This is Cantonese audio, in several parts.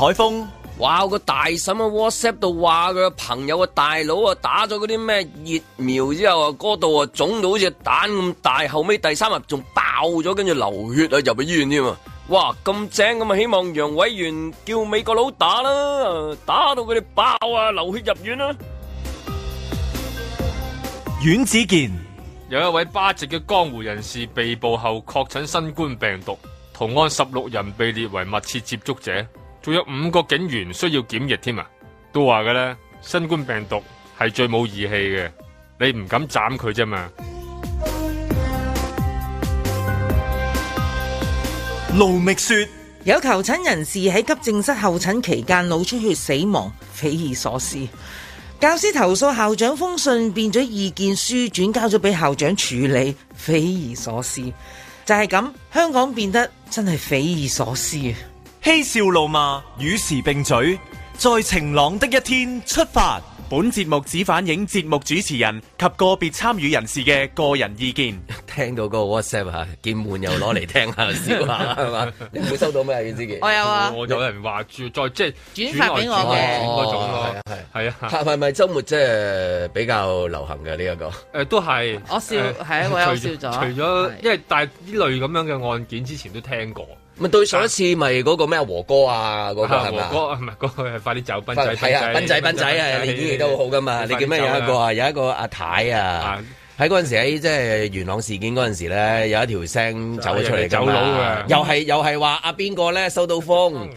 海風，哇，個大嬸喺 WhatsApp 度話佢朋友嘅大佬啊打咗嗰啲咩疫苗之後啊嗰度啊腫到好似蛋咁大。後尾第三日仲爆咗，跟住流血啊入去醫院添啊！哇咁正咁啊！希望楊委員叫美國佬打啦，打到佢哋爆啊，流血入院啦。阮子健，有一位巴籍嘅江湖人士被捕後確診新冠病毒，同案十六人被列為密切接觸者。仲有五個警員需要檢疫添啊！都話嘅啦。新冠病毒係最冇義氣嘅，你唔敢斬佢啫嘛？盧覓雪，有求診人士喺急症室候診期間腦出血死亡，匪夷所思。教師投訴校長封信變咗意見書，轉交咗俾校長處理，匪夷所思。就係咁，香港變得真係匪夷所思。嬉笑怒罵與時並舉，在晴朗的一天出發。本節目只反映節目主持人及個別參與人士嘅個人意見。聽到個 WhatsApp 吓，見悶又攞嚟聽下笑下，係嘛？你唔會收到咩？袁子杰，我有啊。有人話住再即係轉發俾我嘅嗰種咯，係啊係啊。係咪周末即係比較流行嘅呢一個？誒，都係我笑係，我有笑咗。除咗因為但係呢類咁樣嘅案件之前都聽過。咪對上一次咪嗰個咩和哥啊，嗰、嗰個係嘛？阿、啊、和哥唔嗰快啲走！斌仔，睇下斌仔、斌仔啊，演戲都好噶嘛。你叫咩、啊、有一個啊，有一個阿太啊，喺嗰陣時喺即係元朗事件嗰陣時咧，有一條聲、啊、走咗出嚟㗎啊又係、嗯、又係話阿邊個咧收到風。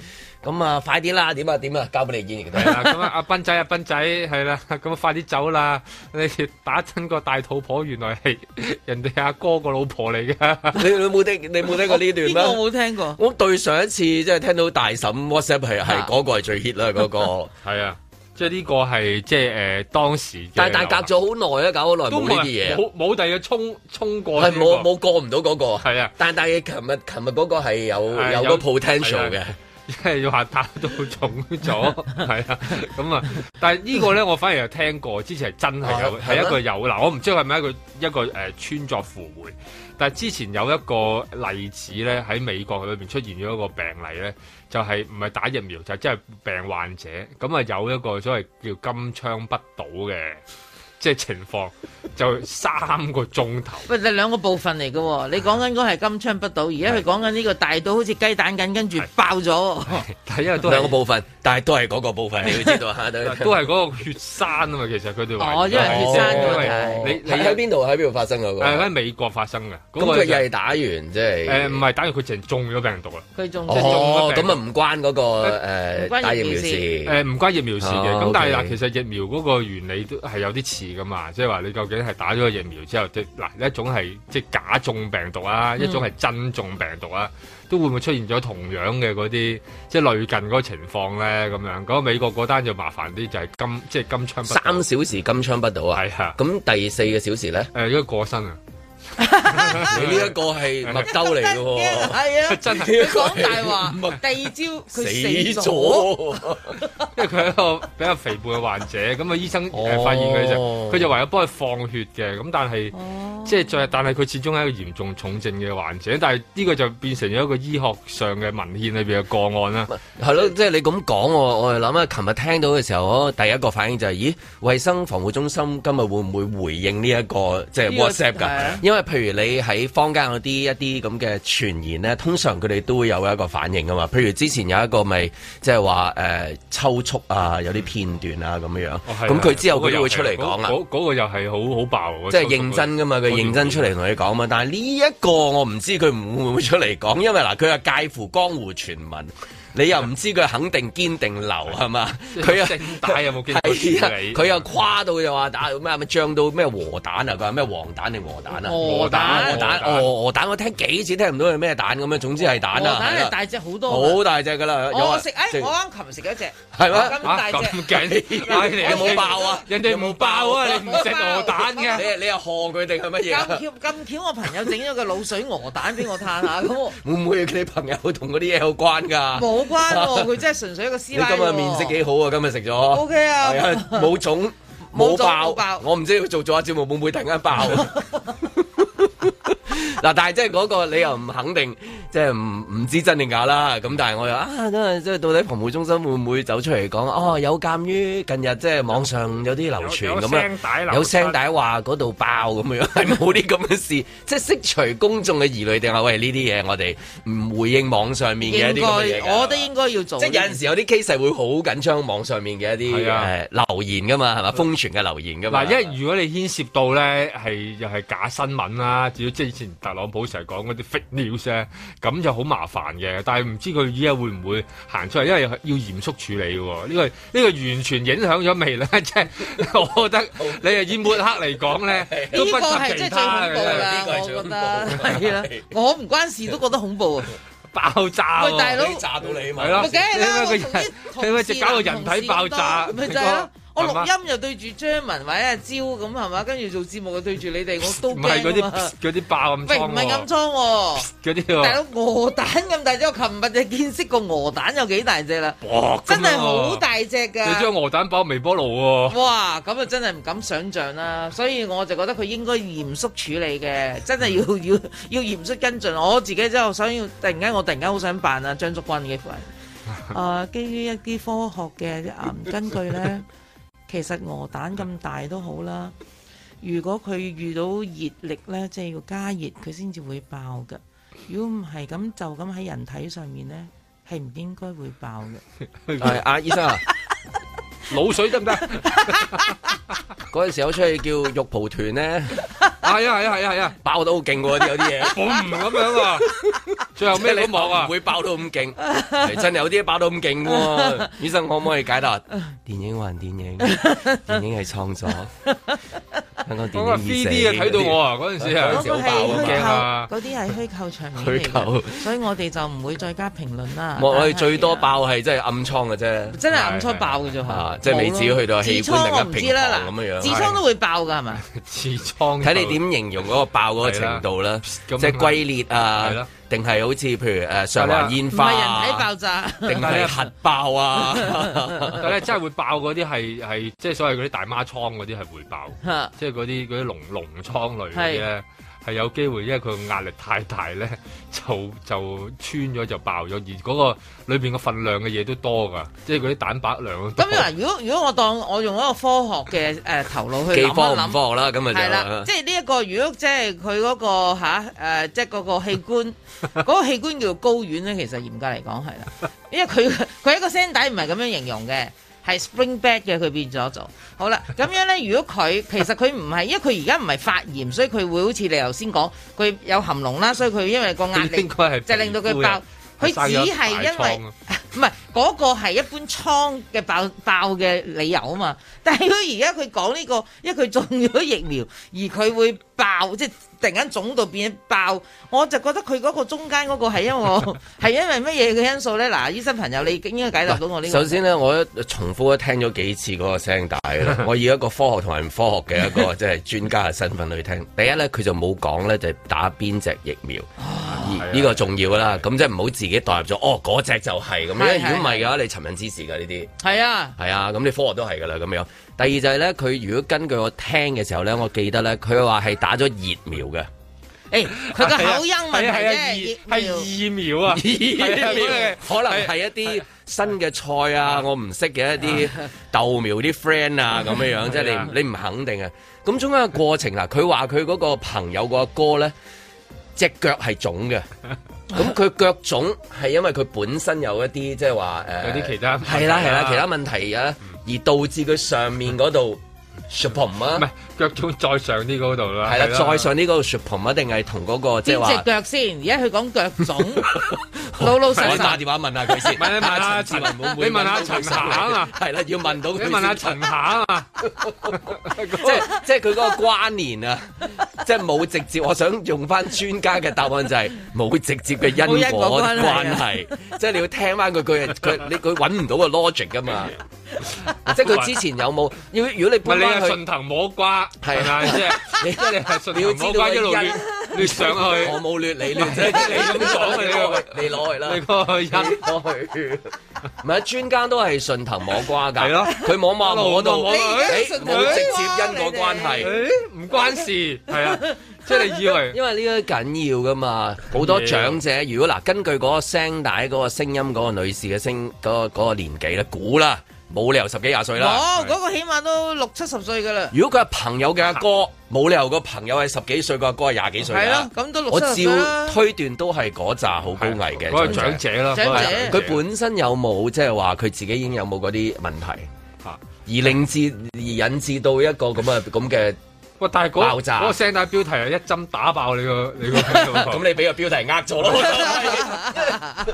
咁啊，快啲啦，點啊，點啊，交俾你演嚟睇。咁啊，阿斌仔，阿、啊、斌仔，係啦，咁啊，快啲走啦！你打親個大肚婆，原來係 人哋阿哥個老婆嚟嘅。 你你冇聽，你冇聽過呢段咩？這個、我冇聽過。我對上一次即係聽到大嬸 WhatsApp 係係嗰個最 hit 啦，嗰、那個係 啊，即係呢個係即係誒當時 但。但係但隔咗好耐啊，搞好耐冇呢啲嘢。冇第個衝衝過。係冇冇過唔到嗰個。係、那個、啊，但係但係，琴日琴日嗰個係有、啊、有嗰 potential 嘅。即係要下打到重咗，係啊，咁啊，但係呢個咧，我反而有聽過，之前係真係有，係一個有嗱，我唔知係咪一個一個誒穿作扶回，但係之前有一個例子咧，喺美國裏邊出現咗一個病例咧，就係唔係打疫苗就即係病患者，咁啊有一個所謂叫金槍不倒嘅。即情況就三個鐘頭。唔 兩個部分嚟㗎喎，你講緊嗰係金槍不倒，而家佢講緊呢個大到好似雞蛋咁，跟住爆咗。 但係因為兩個部分，但係都係嗰個部分，你要知道 都係嗰個血栓啊嘛，其實佢哋話。哦，因為血栓嘅問題你喺邊度？喺邊度發生嗰、那個？喺美國發生嘅。咁佢又係打完即係？唔係打完，佢、就、成、是呃、中咗病毒啦。佢中咗病毒。咁啊唔關嗰、那個誒、呃、疫苗事。誒，唔、啊、關疫苗事嘅。咁、哦 okay、但係嗱，其實疫苗嗰個原理都係有啲似。即係話你究竟係打咗個疫苗之後，即嗱，一種係即係假中病毒啊，一種係真中病毒啊，都會唔會出現咗同樣嘅嗰啲即係類近嗰個情況咧？咁樣嗰個美國嗰單就麻煩啲，就係、是、金即係金槍三小時金槍不倒啊，係啊，咁第四個小時咧，誒、呃，因為過身啊。呢 一個係麥兜嚟嘅，哦，係 啊、哦，真嘅。佢講大話， 第二朝死咗， 因為佢係一個比較肥胖嘅患者。咁啊，醫生誒發現佢就是，佢 就唯有幫佢放血嘅。咁但係，即 係但係佢始終係一個嚴重重症嘅患者。但係呢個就變成咗一個醫學上嘅文獻裏邊嘅個案啦。係 咯，即、就、係、是、你咁講，我我哋諗下，琴日聽到嘅時候，我第一個反應就係、是，咦？衛生防護中心今日會唔會回應呢、這、一個即係、就是、WhatsApp 噶？ 因為譬如你喺坊間嗰啲一啲咁嘅傳言咧，通常佢哋都會有一個反應噶嘛。譬如之前有一個咪即係話誒抽搐啊，有啲片段啊咁樣、嗯、樣。咁、哦、佢之後佢都會出嚟講啦。嗰、那個、那個又係好好爆，即、就、係、是、認真噶、那個那個就是、嘛，佢認真出嚟同你講嘛。但係呢一個我唔知佢唔會唔會出嚟講，因為嗱，佢係介乎江湖傳聞。 你又唔知佢肯定堅定流係嘛？佢又正帶有冇見過佢？佢、就是、又誇到又話打咩咩漲到咩鵝蛋啊？佢話咩黃蛋定鵝蛋啊？鵝蛋鵝蛋鵝鵝蛋，我聽幾次聽唔到佢咩蛋咁樣，總之係蛋啊！鵝蛋係大隻好多，好大隻㗎啦、啊啊主持！我食我啱琴食咗一隻，係咩？咁大隻咁冇爆啊？人哋冇爆啊！你唔食鵝蛋嘅？Engel, 你又殼佢哋係乜嘢？咁巧我朋友整咗個鹵水鵝蛋俾我嘆下咁。會唔會你朋友同嗰啲嘢有關㗎？關佢真係純粹一個師奶。 你今日面色幾好啊？今日食咗？O K 啊，冇腫冇爆， 爆我唔知佢做咗下節目會唔會突然間爆？ 嗱， 但係即係嗰個你又唔肯定，即係唔唔知真定假啦。咁但係我又啊，即係到底防暴中心會唔會走出嚟講？哦，有鑒於近日即係網上有啲流傳咁啊，有聲帶話嗰度爆咁 樣，係冇啲咁嘅事，即係釋除公眾嘅疑慮定係喂呢啲嘢？我哋唔回應網上面嘅一啲應該，我覺得應該要做。即係有陣時候有啲 case 會好緊張，網上面嘅一啲，啊，留言噶嘛，係嘛瘋傳嘅留言噶嘛。嗱，因為如果你牽涉到咧，係又係假新聞啦，啊，只即特朗普成日講嗰啲 fake news 咧，咁就好麻煩嘅。但係唔知佢依家會唔會行出嚟？因為要嚴肅處理嘅。呢、這個呢、這個完全影響咗未來。即 係我覺得你啊以抹黑嚟講咧，都不及其他。呢、這個係最恐怖、這個、最恐怖我唔關事都覺得恐怖 啊！爆炸，大佬炸到你咪？係咯，因為搞個人體爆炸。咪我錄音又對住張文或者阿招咁係嘛，跟住做節目又對住你哋，我都驚啊！唔係嗰啲嗰啲爆咁裝，唔係咁裝，大佬，鵝蛋咁大隻。我琴日就見識過鵝蛋有幾大隻啦，真係好大隻噶！你將鵝蛋包微波爐喎？哇！咁啊，咁就真係唔敢想象啦。所以我就覺得佢應該嚴肅處理嘅，真係要要要嚴肅跟進。我自己就想要突然間，我突然間好想扮阿張竹君嘅款。誒、 啊，基於一啲科學嘅根據咧。 其實鵝蛋咁大都好啦，如果佢遇到熱力呢，即係要加熱，佢先至會爆㗎。如果唔係咁，就咁喺人體上面呢，係唔應該會爆嘅。係、哎、啊，醫生啊，鹵 水得唔得？嗰 陣時我出去叫肉蒲團呢。係 啊係啊係啊係啊，啊，啊，爆得好勁喎！有啲嘢，好唔咁樣啊，最後咩你望啊，唔會爆到咁勁，真係有啲爆到咁勁喎。醫生，我可唔可以解答？電影還電影，電影係創作。嗰個 3D 啊，睇到我啊！嗰陣時係好、啊、爆個嗰啲係虛構場面，虛構，所以我哋就唔會再加評論啦。我哋、啊啊、最多爆係真係暗瘡嘅啫，真係暗瘡爆嘅啫、啊啊。即係未至於去到氣唔知啦，嗱，痔瘡都會爆㗎，係咪？痔 瘡睇你點形容嗰個爆嗰個程度啦，即係、啊、龜裂啊。定係好似譬如誒，上環煙花係人體爆炸，定係核爆啊？但係咧，真係會爆嗰啲係，係即係所謂嗰啲大媽倉嗰啲，係會爆，即係嗰啲嗰啲農農倉類嘅係有機會，因為佢壓力太大咧，就就穿咗就爆咗，而嗰個裏面個份量嘅嘢都多㗎，即係嗰啲蛋白量多。咁、啊、如果如果我當我用一個科學嘅誒、呃、頭腦去諗幾科，科學唔科學啦？咁咪就係啦。即係呢一個，如果即係佢嗰個嚇、啊呃、即係嗰個器官嗰 個器官叫做睾丸咧。其實嚴格嚟講係啦，因為佢佢一個聲帶唔係咁樣形容嘅。係 spring back 嘅，佢變咗就好啦。咁樣咧，如果佢其實佢唔係，因為佢而家唔係發炎，所以佢會好似你頭先講，佢有含膿啦，所以佢因為個壓力應該係就令到佢爆，佢只係因為唔係嗰個係一般倉嘅爆爆嘅理由啊嘛。但係佢而家佢講呢個，因為佢種咗疫苗，而佢會爆即係。突然間腫到變成爆，我就覺得佢嗰個中間嗰個係 因為係因為乜嘢嘅因素咧？嗱，醫生朋友，你應該解答到我呢個問題。首先咧，我一重複一聽咗幾次嗰個聲帶啦， 我以一個科學同埋唔科學嘅一個即係 專家嘅身份去聽。第一咧，佢就冇講咧，就是、打邊隻疫苗，呢、哦、個重要啦。咁即係唔好自己代入咗、啊。哦，嗰、那、隻、個、就係、是、咁、啊。如果唔係嘅話，你尋人滋事㗎呢啲。係啊，係啊，咁你科學都係㗎啦，咁樣。第二就係咧，佢如果根據我聽嘅時候咧，我記得咧，佢話係打咗疫苗嘅。誒，佢個口音問題係、啊啊、疫苗啊，疫苗可能係一啲新嘅菜啊，啊啊我唔識嘅一啲豆苗啲 friend 啊，咁、啊、樣樣，即係、啊、你你唔肯定啊。咁中間嘅過程嗱，佢話佢嗰個朋友個哥咧隻腳係腫嘅，咁佢腳腫係因為佢本身有一啲即係話誒有啲其他係啦係啦其他問題啊。而導致佢上面嗰度 shock 嘛？唔，唔係腳腫再上啲嗰度啦，係啦，再上啲嗰度雪蓬一定係同嗰個即係話。那個、腳隻腳先，而家佢講腳腫， 老老實我打電話問下佢先。唔係，你問下陳，你問下陳霞啊嘛。係啦，要問到佢，你問下陳霞啊嘛。即係即係佢嗰個關聯啊，即係冇直接。我想用翻專家嘅答案就係、是、冇 直接嘅因果關係。關 即係你要聽翻佢佢你佢搵唔到個 logic 噶嘛。 即係佢之前有冇？ 要如果你搬翻去順、啊、藤摸瓜。係啦，即係你即係係順藤摸瓜一路亂亂上去。我冇亂你亂，你咁講啊你？你攞去啦，你個因攞過去。唔係啊，專家都係順藤摸瓜噶。係咯，佢摸摸摸到，冇直接因果關係，唔關事。係啊，即係你以為？因為呢個緊要噶嘛，好多長者，如果嗱，根據嗰個聲帶嗰個聲音嗰個女士嘅聲嗰個嗰個年紀咧，估啦。冇理由十幾廿歲啦，哦，嗰、嗰個起碼都六七十歲噶啦。如果佢係朋友嘅阿哥，哥，冇理由個朋友係十幾歲，個阿哥係廿幾歲。係咯，咁都六七十啦，啊。我照推斷都係嗰扎好高危嘅，嗰個長者啦。長者，長，者長者，佢本身有冇即係話佢自己已經有冇嗰啲問題，而令至而引致到一個咁啊咁嘅。 爆炸嗰聲帶標題啊，一針打爆你個你個咁你俾個標題呃咗咯，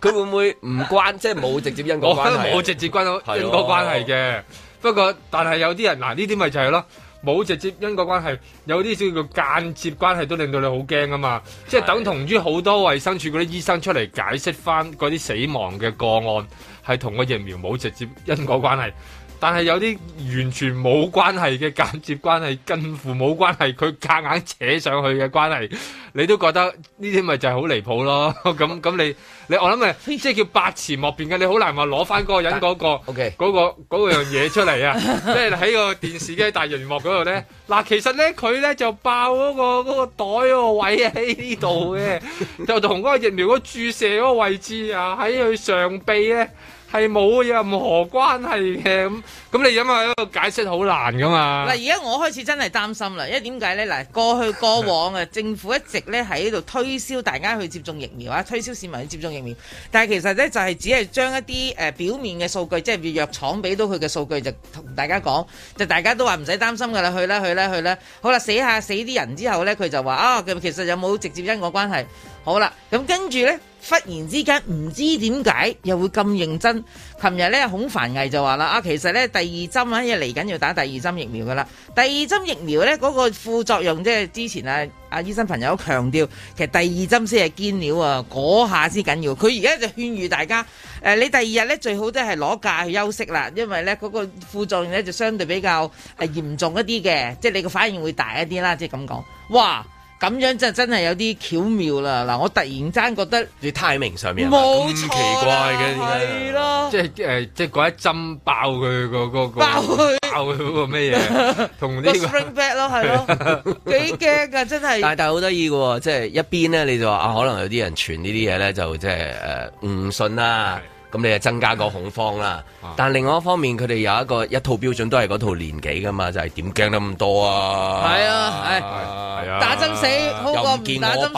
佢會唔會唔關即係冇直接因果關係冇直接關到因果關係嘅？不過但係有啲人嗱呢啲咪就係咯，冇直接因果關係，有啲叫做間接關係都令到你好驚啊嘛！即係等同於好多衛生署嗰啲醫生出嚟解釋翻嗰啲死亡嘅個案係同個疫苗冇直接因果關係。但係有啲完全冇關係嘅間接關係，近乎冇關係，佢夾硬扯上去嘅關係，你都覺得呢啲咪就係好離譜咯？咁 咁你你我諗啊，即係叫百辭莫辯嘅，你好難話攞翻嗰個人嗰、那個嗰、okay. 嗰個嗰樣嘢出嚟啊！即係喺個電視機大屏幕嗰度咧，嗱其實咧佢咧就爆嗰、嗰個嗰、嗰個、袋個位喺呢度嘅，就同嗰個疫苗注射嗰個位置啊喺佢上臂咧。係冇任何關係嘅咁，咁你咁啊喺度解釋好難噶嘛？嗱，而家我開始真係擔心啦，因為點解呢？嗱，過去過往啊， 政府一直呢喺度推銷大家去接種疫苗啊，推銷市民去接種疫苗，但係其實呢，就係、是、只係將一啲誒表面嘅數據，即係藥廠俾到佢嘅數據，就同大家講，就大家都話唔使擔心噶啦，去啦去啦去啦，好啦，死下死啲人之後呢，佢就話啊，佢、哦、其實有冇直接因果關係？好啦，咁跟住呢，忽然之間唔知點解又會咁認真。琴日呢，孔凡毅就話啦：啊，其實呢，第二針呢，嚟緊要打第二針疫苗噶啦。第二針疫苗呢，嗰個副作用即係之前啊，阿醫生朋友強調，其實第二針先係堅料啊，嗰下先緊要。佢而家就勸喻大家，誒，你第二日呢，最好都係攞假去休息啦，因為呢，嗰個副作用呢就相對比較嚴重一啲嘅，即係你個反應會大一啲啦，即係咁講。哇！咁樣就真係有啲巧妙啦！嗱，我突然間覺得你 timing 上面冇奇怪嘅，點解、就是就是嗯呃？即係誒，即係嗰一針爆佢、那個爆它爆它那個爆佢嗰個咩嘢？同、那、啲個 spring back 咯，係咯，幾驚噶！真係，但係好得意嘅，即係、就是、一邊咧，你就話、啊、可能有啲人傳呢啲嘢咧，就即係誒，唔、呃、信啦。咁你就增加個恐慌啦、啊，但另外一方面，佢哋有一個一套標準，都係嗰套年紀噶嘛，就係點驚得咁多啊？係啊，係、哎啊、打針死好過唔打針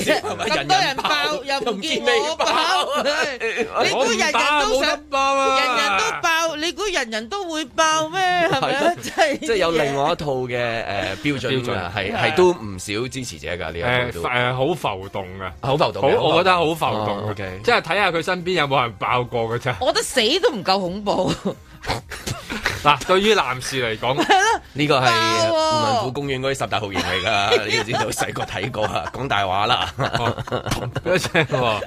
死，係咁多人爆又唔見我爆，啊、是是爆我爆你估、哎哎、人，人人都想爆、啊？人人都爆，你估人人都會爆咩？係、啊、咪？ 真的 即係有另外一套嘅誒、呃、標準啊？係、啊、係都唔少支持者㗎呢一個好浮動啊！好浮動，我覺得好浮動，即係睇下佢身邊有冇人。爆過噶咋？我覺得死都唔夠恐怖。嗱， 對於男士嚟講，係 呢、這個係胡文虎公園嗰啲十大酷刑嚟噶， 你要知道細個睇過啊，講大話啦，嗰 聲、哦，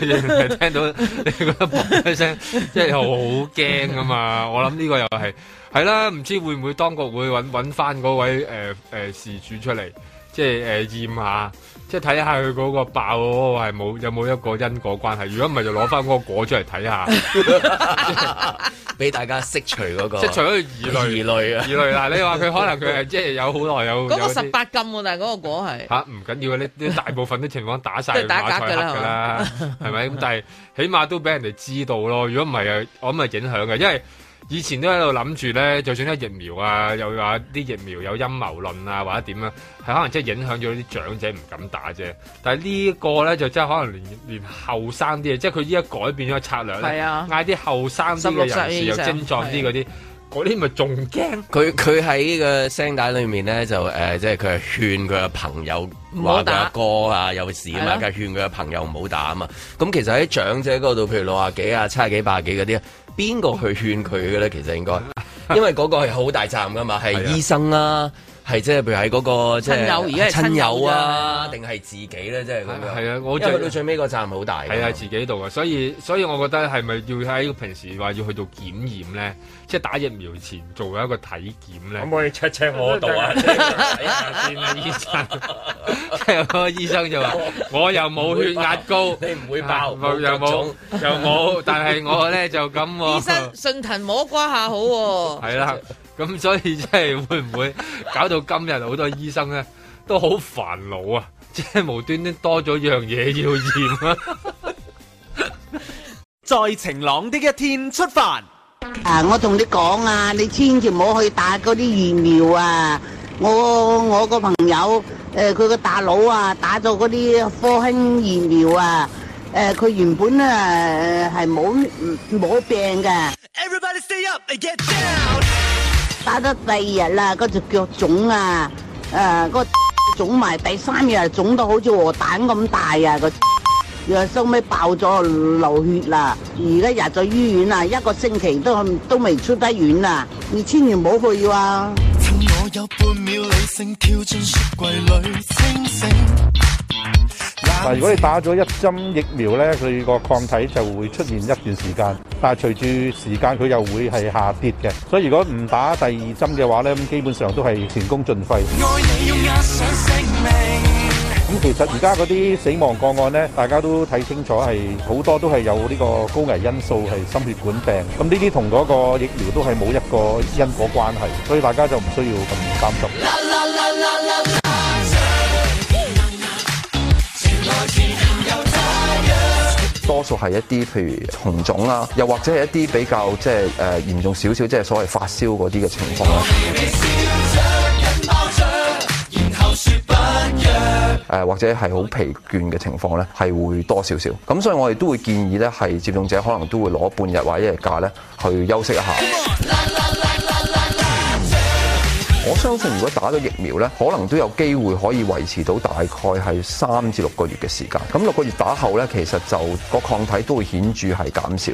一聲哦、 聽到你嗰一聲，即係好驚啊嘛！我諗呢個又係係啦，唔知道會唔會當局會揾揾翻嗰位誒誒、呃呃、事主出嚟，即係誒驗下。即係睇下佢嗰個爆嗰個係冇有冇一個因果關係，如果唔係就攞翻嗰個果出嚟睇下，俾 大家識除嗰、嗰個。即係除咗疑慮疑慮、 嗰個、啊，疑慮。你話佢可能佢係即係有好耐有嗰個十八禁喎，但係嗰個果係吓唔緊要，你大部分啲情況打晒馬賽克啦，係 咪？咁但係起碼都俾人哋知道咯。如果唔係啊，我諗係影響嘅，因為。以前都喺度諗住咧，就算咗疫苗啊，又話啲疫苗有陰謀論啊，或者點啊，係可能即係影響咗啲長者唔敢打啫。但係呢個咧就真係可能連連後生啲，即係佢依家改變咗策略，嗌啲後生啲嘅人士、啊、又精壯啲嗰啲，嗰啲咪仲驚？佢佢喺個聲帶裏面咧就誒，即係佢係勸佢嘅朋友話佢阿哥啊有事啊嘛，而、啊、勸佢嘅朋友唔好打啊嘛。咁其實喺長者嗰度，譬如六啊幾啊、七啊幾、八啊幾嗰啲。邊個去勸佢嘅咧？其實應該，因為嗰個係好大站㗎嘛，係醫生啦、啊。係即係，譬如喺嗰、那個即係、就是、親友，而家係親友啊，定係自己咧？即係咁啊！係啊，我、就是、到最尾個站係好大。係啊，自己度啊，所以所以，我覺得係咪要喺平時話要去到檢驗咧？即、就、係、是、打疫苗前做一個體檢咧？可唔可以 check check 我度啊？驗、 啊、醫生，個 醫生就話：我又冇血壓高，你唔會爆，啊、又冇又冇，又又 但係我咧就咁喎、啊。醫生順藤摸瓜下好喎。係 啦 對。 咁所以即係會唔會搞到今日好多醫生咧都好煩惱啊！即係無端端多咗樣嘢要驗啊。在晴朗的一天出發。啊！我同你講啊，你千祈唔好去打嗰啲疫苗啊！我我個朋友誒，佢個大佬啊，打咗嗰啲科興疫苗啊，誒，佢原本啊係冇冇病㗎。打得第二日啦，嗰隻腳腫啊，誒、呃，嗰個腫埋第三日腫到好似鵝蛋咁大啊，佢又收尾爆咗流血啦，而家入咗醫院啊，一個星期都都未出得院啊，你千祈唔好去啊！趁我有半秒理性跳進雪櫃裏。清醒嗱，如果你打咗一針疫苗咧，佢個抗體就會出現一段時間，但係隨住時間佢又會係下跌嘅。所以如果唔打第二針嘅話咧，咁基本上都係前功盡廢。咁其實而家嗰啲死亡個案咧，大家都睇清楚係好多都係有呢個高危因素係心血管病，咁呢啲同嗰個疫苗都係冇一個因果關係，所以大家就唔需要咁擔心。多數係一啲譬如紅腫啦，又或者係一啲比較即係誒嚴重少少，即係所謂發燒嗰啲嘅情況啦。誒、呃、或者係好疲倦嘅情況咧，係會多少少。咁所以我哋都會建議咧，係接種者可能都會攞半日或者一日假咧去休息一下。我相信如果打咗疫苗咧，可能都有機會可以維持到大概係三至六個月嘅時間。咁六個月打後咧，其實就個抗體都會顯著係減少。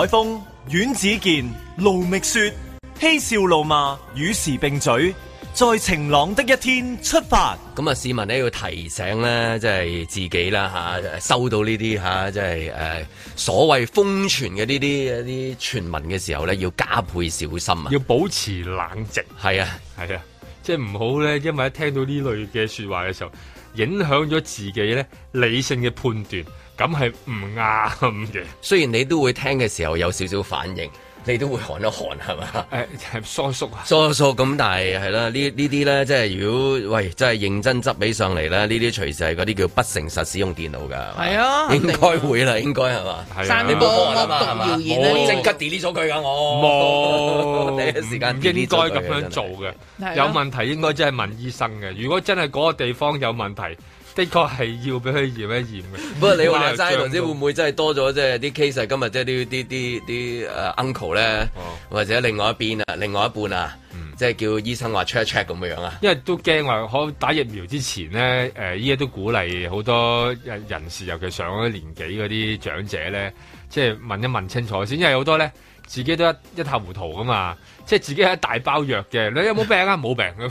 海峰、阮子健、盧覓雪、嬉笑怒罵、與時並嘴，在晴朗的一天出發。咁啊，市民咧要提醒咧，即係自己啦吓，收到呢啲吓，即係誒所謂瘋傳嘅呢啲一啲傳聞嘅時候咧，要加倍小心啊，要保持冷靜。係啊，係啊，即係唔好咧，因為一聽到呢類嘅說話嘅時候，影響咗自己咧理性嘅判斷。咁係唔啱嘅。雖然你都會聽嘅時候有少少反應，你都會寒一寒係嘛？誒，呃、縮縮啊，縮縮咁，但係係啦，呢呢啲咧，即係如果喂，真係認真執起上嚟咧，呢啲隨時係嗰啲叫不誠實使用電腦噶。係啊，啊，應該會啦，應該係嘛？散播謠言咧，即刻 delete 咗佢噶我。冇，第一時間唔應該咁樣做嘅、啊。有問題應該即係問醫生嘅。如果真係嗰個地方有問題，的確係要俾佢驗一驗嘅。 會不過你話齋，唔知會唔會真係多咗即係啲 case。就是、今日即係啲啲啲啲誒 uncle 咧、嗯哦，或者另外一邊啊，另外一半啊，嗯、即係叫醫生話 check check 咁樣啊。因為都驚話可打疫苗之前咧，誒依家都鼓勵好多人士，尤其上咗年紀嗰啲長者咧，即係問一問清楚先，因為好多咧。自己都一一塌糊塗噶嘛，即係自己係一大包藥嘅。你有冇病啊？冇病咁，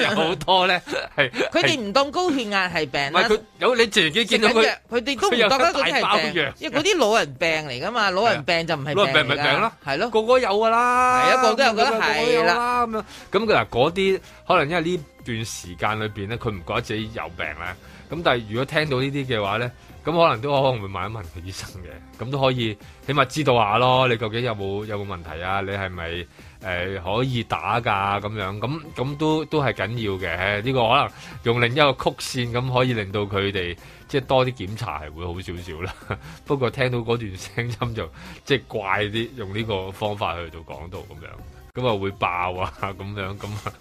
有好多咧，係。佢哋唔當高血壓係病啦。有你自己見到佢，佢哋都唔覺得是他大包藥。 因為嗰啲老人病嚟噶嘛，老人病就唔係病。老人病唔係病咯，係咯，每個個有噶啦，一個都有，個個都有啦咁樣。咁嗱嗰啲可能因為呢段時間裏邊咧，佢唔覺得自己有病啊。咁但係如果聽到呢啲嘅話咧。咁可能都可能會問一問佢醫生嘅，咁都可以起碼知道下咯，你究竟有冇有冇問題啊？你係咪誒可以打㗎咁樣？咁咁都都係緊要嘅，呢個可能用另一個曲線咁可以令到佢哋即係多啲檢查係會好少少啦。不過聽到嗰段聲音就即係怪啲，用呢個方法去做講道咁樣。咁啊會爆啊咁樣，咁啊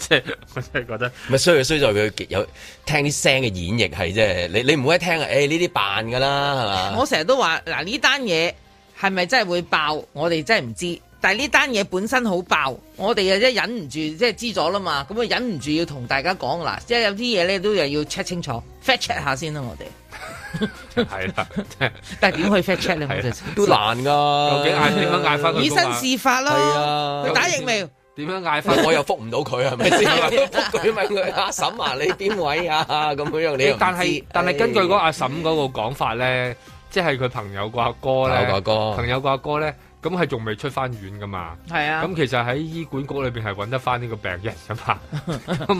即係我真係覺得，唔係衰就衰在佢有聽啲聲嘅演繹，係即係你你唔好一聽誒呢啲扮㗎啦係嘛，我成日都話嗱，呢單嘢係咪真係會爆，我哋真係唔知。但係呢單嘢本身好爆，我哋啊即忍唔住，即係知咗啦嘛，咁啊忍唔住要同大家講嗱，即係有啲嘢咧都又要 check 清楚 fact check 下先啦，我哋係啦， 是的 但係點去 fact check 咧？都難噶，究竟點樣嗌翻？以身試法咯，係啊，佢打疫苗，點樣嗌翻？我又復唔到佢係咪先？佢問佢阿嬸啊，你邊位啊？咁樣你但係但係根據嗰阿嬸嗰個講法咧，即係佢朋友個阿哥咧，朋友個阿哥，朋友個阿哥咧。咁係仲未出翻院噶嘛？係啊，咁其實喺醫管局裏邊係揾得翻呢個病人噶嘛？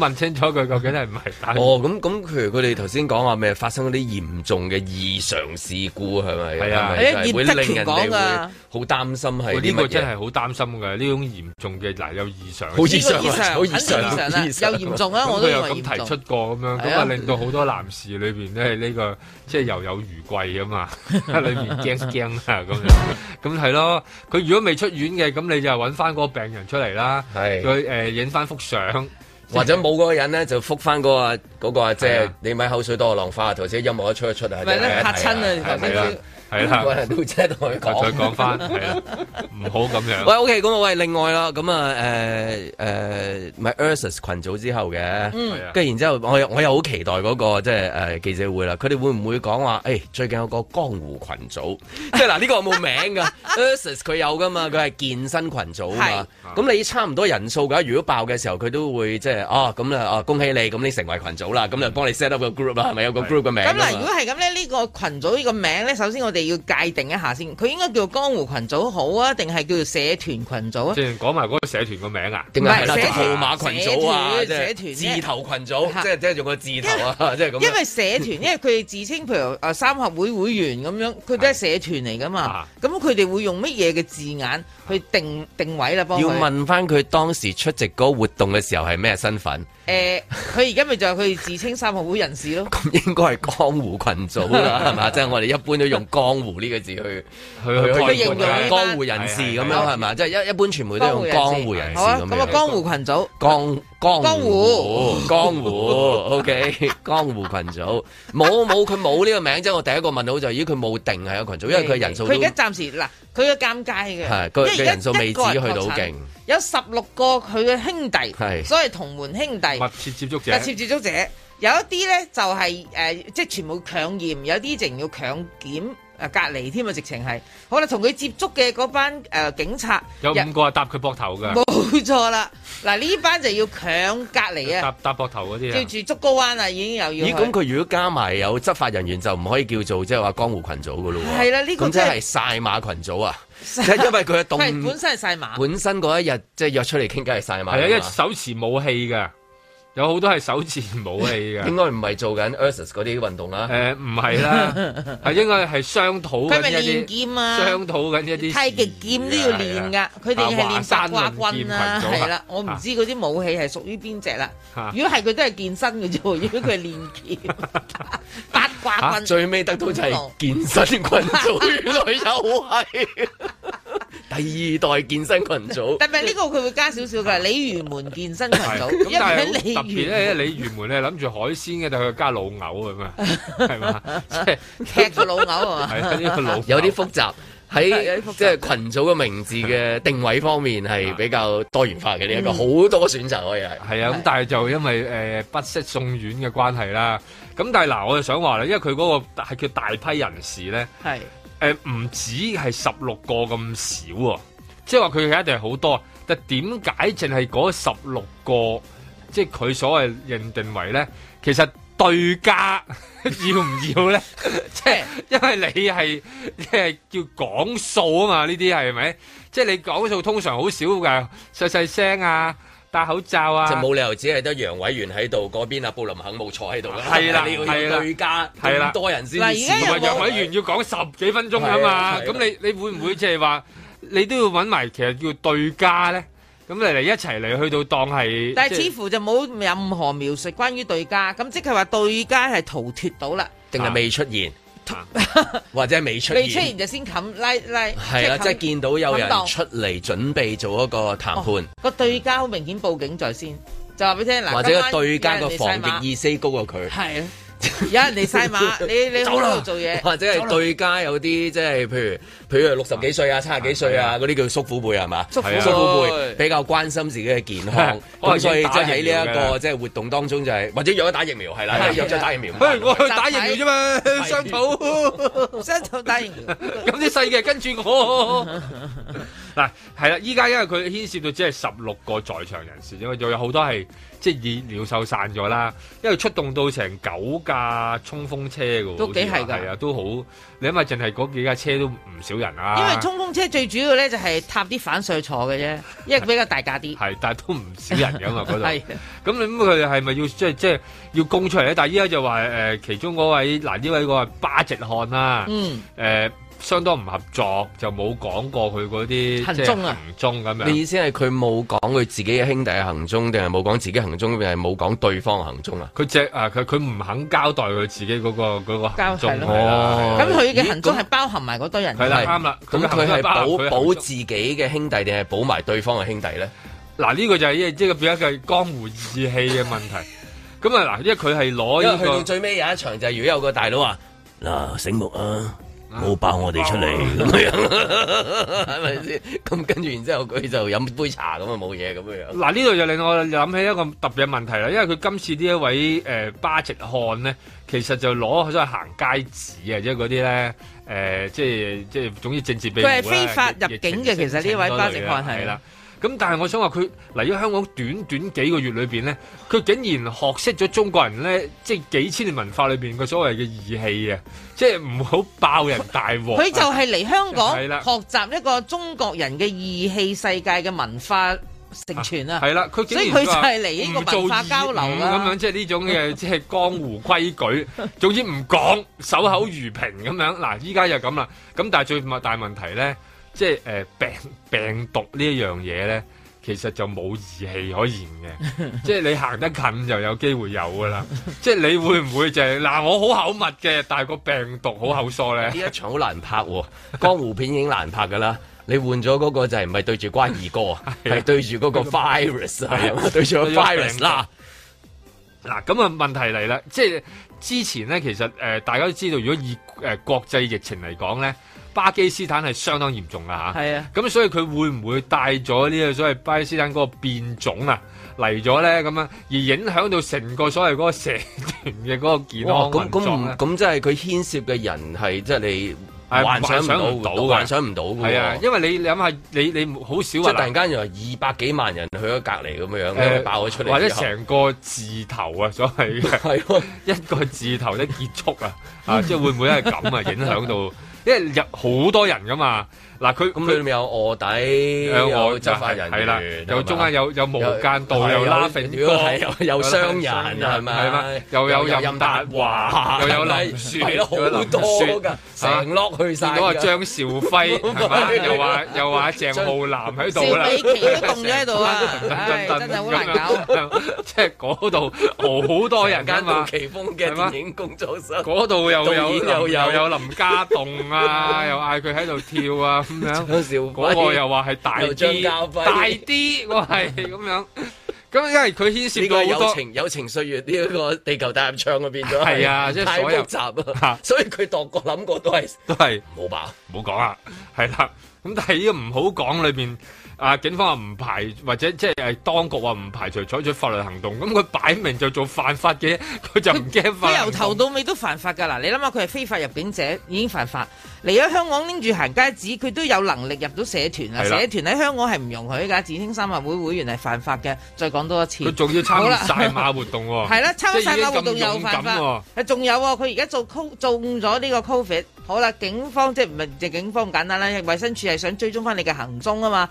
問清楚佢究竟係唔係？哦，咁咁，譬如佢哋頭先講話，咩發生嗰啲嚴重嘅異常事故係咪？係啊，會令人哋會好擔心，係呢個真係好擔心嘅。呢種嚴重嘅嗱，有異常，好異常，好異常，常又嚴重啊！我都咁提出過咁樣，咁啊，令到好多男士裏邊咧呢個即係猶有餘悸噶嘛？喺裏面驚驚啊，咁樣，咁係咯。佢如果未出院嘅，咁你就揾翻嗰個病人出嚟啦，佢誒，影翻幅相，或者冇嗰個人咧，就覆翻嗰個嗰、嗰個，即係你咪口水多過浪花，頭先音樂一出一出啊，咪咧嚇親啊！就是係啦，個人都即係同佢講， 再講說翻回，係 啦，唔好咁樣。喂，OK，咁我喂，另外啦，咁啊，誒、呃、誒，咪、呃、Ursus 群組之後嘅，跟、嗯、住然之後，我我又好期待嗰、那個即係誒記者會啦。佢哋會唔會講話？誒、哎，最近有個江湖群組，即係嗱，呢、這個有冇名噶 ？Ursus 佢有噶嘛？佢係健身群組啊嘛。咁你差唔多人數噶，如果爆嘅時候，佢都會即係啊，咁啦，啊，恭喜你，咁你成為群組啦，咁就幫你 set up 個 group 啊、嗯，係咪有個 group 嘅名？咁嗱，如果係咁呢，呢、這個群組呢個名咧，首先我哋。你要界定一下先，佢應該叫江湖群組好啊，定係叫做社團群組啊？即係講埋嗰個社團個名啊？唔係，號碼群組啊，社團，社團字頭群組，啊、即係即係用個字頭啊，即係咁。因為社團， 因為佢哋自稱譬如啊三合會會員咁樣，佢都係社團嚟噶嘛。咁佢哋會用乜嘢嘅字眼去定、啊、定位啦？幫要問翻佢當時出席嗰個活動嘅時候係咩身份？誒、呃，佢而家咪就係佢自稱三合會人士咯，咁 應該係江湖群組啦，係 嘛？即、就、係、是、我哋一般都用江湖呢個字去 去去形容江湖人士咁樣，係、哎、嘛？即係、就是、一一般傳媒都用江湖人士咁、啊、樣、嗯。咁啊江湖群組。江，江，江江湖，江湖,江湖 ，OK，江湖群組，冇冇佢冇呢個名，即係我第一個問到就係，咦佢冇定係個群組，因為佢人數，佢而家暫時嗱，佢嘅尷尬嘅，因佢人數未止去到好勁，有十六個佢嘅兄弟，係，所謂同門兄弟，密切接觸者，密切接觸者,者，有一啲咧就係、是、誒、呃，即係全部強驗，有啲仲要強檢。啊隔離添啊，直情係，好啦同佢接觸嘅嗰班、呃、警察有五個係搭佢膊頭㗎。冇錯啦。嗱呢班就要強隔離啊，搭搭膊頭嗰啲啊，要住竹篙灣啊，已經又要咦？咁佢如果加埋有執法人員，就唔可以叫做即係話江湖群組噶咯喎？係啦，呢個真係晒馬群組啊！因為佢係動，本身係晒馬，本身嗰一日即係約出嚟傾偈係晒馬，係啊，因為手持武器㗎。有好多係手持武器嘅，應該唔係做緊 erse 嗰啲運動、呃、唔係啦。誒唔係啦，係應該係商討緊一，佢咪練劍啊？商討緊一啲、啊。太極劍都要練噶，佢哋係練八卦棍啊。係啦、啊啊啊啊。我唔知嗰啲武器係屬於邊隻啦。如果係佢都係健身嘅啫，如果佢係練劍、 八卦棍、啊，最尾得到就係健身棍組隊好係。 又 第二代健身群組， 但係呢個佢會加少少㗎，鯉 魚門健身群組，因為佢特別咧，鯉 魚門咧諗住海鮮嘅，就去加老牛啊嘛，係嘛，即 係、就是、踢個老牛啊，係 呢個老牛有啲複雜喺即係群組嘅名字嘅定位方面係比較多元化嘅呢一個好多選擇可以係，係、嗯、啊，咁但係就因為誒、呃、不識送遠嘅關係啦，咁但係嗱、呃，我就想話咧，因為佢嗰個係叫大批人士咧，係。誒、呃、唔止係十六個咁少啊，即係話佢一定好多，但點解淨係嗰十六個，即係佢所謂認定為咧？其實對家要唔要咧？即 係因為你係即係叫講數啊嘛？呢啲係咪？即係、就是、你講數通常好少㗎，細細聲啊！戴口罩啊！就冇理由只係得楊委員喺度嗰邊啊，布林肯冇坐喺度啦。係啦，係啦，對家，係啦，咁多人先。嗱，而家楊委員要講十幾分鐘啊嘛，咁你你會唔會即係話你都要揾埋其實叫對家咧？咁你嚟一齊嚟去到當係，但係似乎就冇任何描述關於對家，咁即係話對家係逃脫到啦，定係未出現？ 或者未出 未出現就先冚拉拉，係啦、啊，即係見到有人出嚟準備做一個談判、哦，個、嗯、對家好明顯報警在先，就話俾你聽嗱，或者個對家個防疫意思高過佢，係 啊有人嚟晒馬，你你好走度做嘢，或者係對家有啲即係，譬如譬如六十幾歲啊、七十幾歲啊嗰啲叫叔父輩係嘛？叔父輩、啊、叔父輩比較關心自己嘅健康，咁、啊嗯、所以即係喺呢一個即係活動當中就係、是，或者約咗打疫苗係啦，約咗打疫苗。不如我去打疫苗啫嘛，商討商討打疫苗，咁啲細嘅跟住我。嗱，係啦，依家因為佢牽涉到只係十六個在場人士，因為仲有好多係即係已了手散咗啦。因為出動到成九架衝鋒車喎，都幾係㗎，啊，都好。你諗下，淨係嗰幾架車都唔少人啊。因為衝鋒車最主要咧就係搭啲反上坐嘅啫，因為比較大架啲。係， 但係都唔少人㗎嘛嗰度。係，咁你咁佢係咪要即係即要供出嚟咧？但係依家就話、呃、其中嗰位嗱，呢、呃、位個係巴直漢啊，嗯，誒、呃。相當唔合作，就冇講過佢嗰啲行蹤啊，行蹤咁樣。你意思係佢冇講佢自己嘅兄弟嘅行蹤，定係冇講自己行蹤，定係冇講對方行蹤啊？佢即啊，佢佢唔肯交代佢自己嗰個嗰個。那個、行蹤，交，係咁佢嘅行蹤係包含埋嗰堆人。係啦，啱啦。咁佢係保保自己嘅兄弟，定係保埋對方嘅兄弟咧？嗱、啊、呢、這個就係即係變一個、這個、江湖義氣嘅問題。咁 啊，嗱，因為佢係攞呢個，因為去到最尾有一場，就係如果有個大佬話嗱，醒目啊！冇、啊、爆我哋出嚟咁樣，係咪先？咁、啊啊、 跟住，然之後佢就飲杯茶咁啊，冇嘢咁樣。嗱，呢度就令我諗起一個特別嘅問題啦。因為佢今次呢一位誒、呃、巴直漢咧，其實就攞咗去行街紙啊、呃，即係嗰啲咧誒，即係即係總之政治庇護。佢係非法入境嘅、呃，其實呢位巴直漢係。嗯咁但係我想話佢嚟咗香港短短幾個月裏邊咧，佢竟然學識咗中國人咧，即係幾千年文化裏邊嘅所謂嘅義氣啊！即係唔好爆人大鑊。佢就係嚟香港學習一個中國人嘅義氣世界嘅文化承傳啊！係、啊、啦，佢竟然所以佢就係嚟呢個文化交流。咁、嗯嗯、樣，即係呢種嘅即係江湖規矩， 總之唔講，守口如瓶咁樣。嗱，依家又咁啦。咁但係最大問題咧。即係誒、呃，病病毒呢一樣嘢咧，其實就冇義氣可言嘅。 即係你行得近就有機會有噶、 就是、啦。即係你會唔會就係嗱？我好口密嘅，但係個病毒好口疏咧。呢一場好難拍、哦，江湖片已經難拍噶啦。 你換咗嗰個就係唔係對住關二哥，係 對住嗰個 virus，、啊、對住 virus,、啊、對個 virus 啦。嗱咁啊，問題嚟啦。即係之前咧，其實誒、呃，大家都知道，如果以誒、呃、國際疫情嚟講咧。巴基斯坦係相當嚴重啦嚇，咁、啊、所以佢會唔會帶咗呢個所謂巴基斯坦嗰個變種啊嚟咗咧？咁樣而影響到成個所謂嗰個社團嘅嗰個健康咁咁咁即係佢牽涉嘅人係即係你幻想唔到、啊、幻想唔到係啊，因為你想想你諗下你你好少話突然間又二百幾萬人去咗隔離咁樣樣，啊、爆咗出嚟或者成個字頭啊，所謂係一個字頭的結束啊，即、啊、係 會唔會係咁啊？影響到？因為入好多人㗎嘛。嗱，佢咁，佢裏面有臥底，有執法人員，有中間有有無間道，有拉肥哥，有商人，係咪？又有任達華，又有林雪，好多噶成落去曬。如果係張兆輝，又話又話鄭浩南喺度啦，邵美琪都戇咗喺度啊！真係好難搞，即係嗰度好多人㗎嘛。奇峯嘅電影工作室，嗰度又有又有林家棟啊，又嗌佢喺度跳啊！張少華又話係大大啲，我係咁樣。咁因為佢牽涉到友情、友情歲月呢一個地球大合唱嗰邊咗，係啊，即係太複雜啦。所以佢度過諗過都係都係冇吧，冇講啦。係啦，咁但係呢個唔好講裏邊。啊！警方話唔排，或者即係當局話唔排除採取法律行動，咁佢擺明就做犯法嘅，佢就唔驚犯。佢由頭到尾都犯法㗎啦，你諗下佢係非法入境者，已經犯法。嚟咗香港拎住行街紙，佢都有能力入到社團啊！社團喺香港係唔容許㗎，自清三合會會員係犯法嘅。再講多一次。佢仲要參與曬馬活動喎、哦。係 啦，抽晒馬活動、哦、又犯法。仲有喎、哦，佢而家做做中咗呢個 Covid 好啦，警方即係唔係淨警方咁簡單咧？衛生署係想追蹤翻你嘅行蹤啊嘛，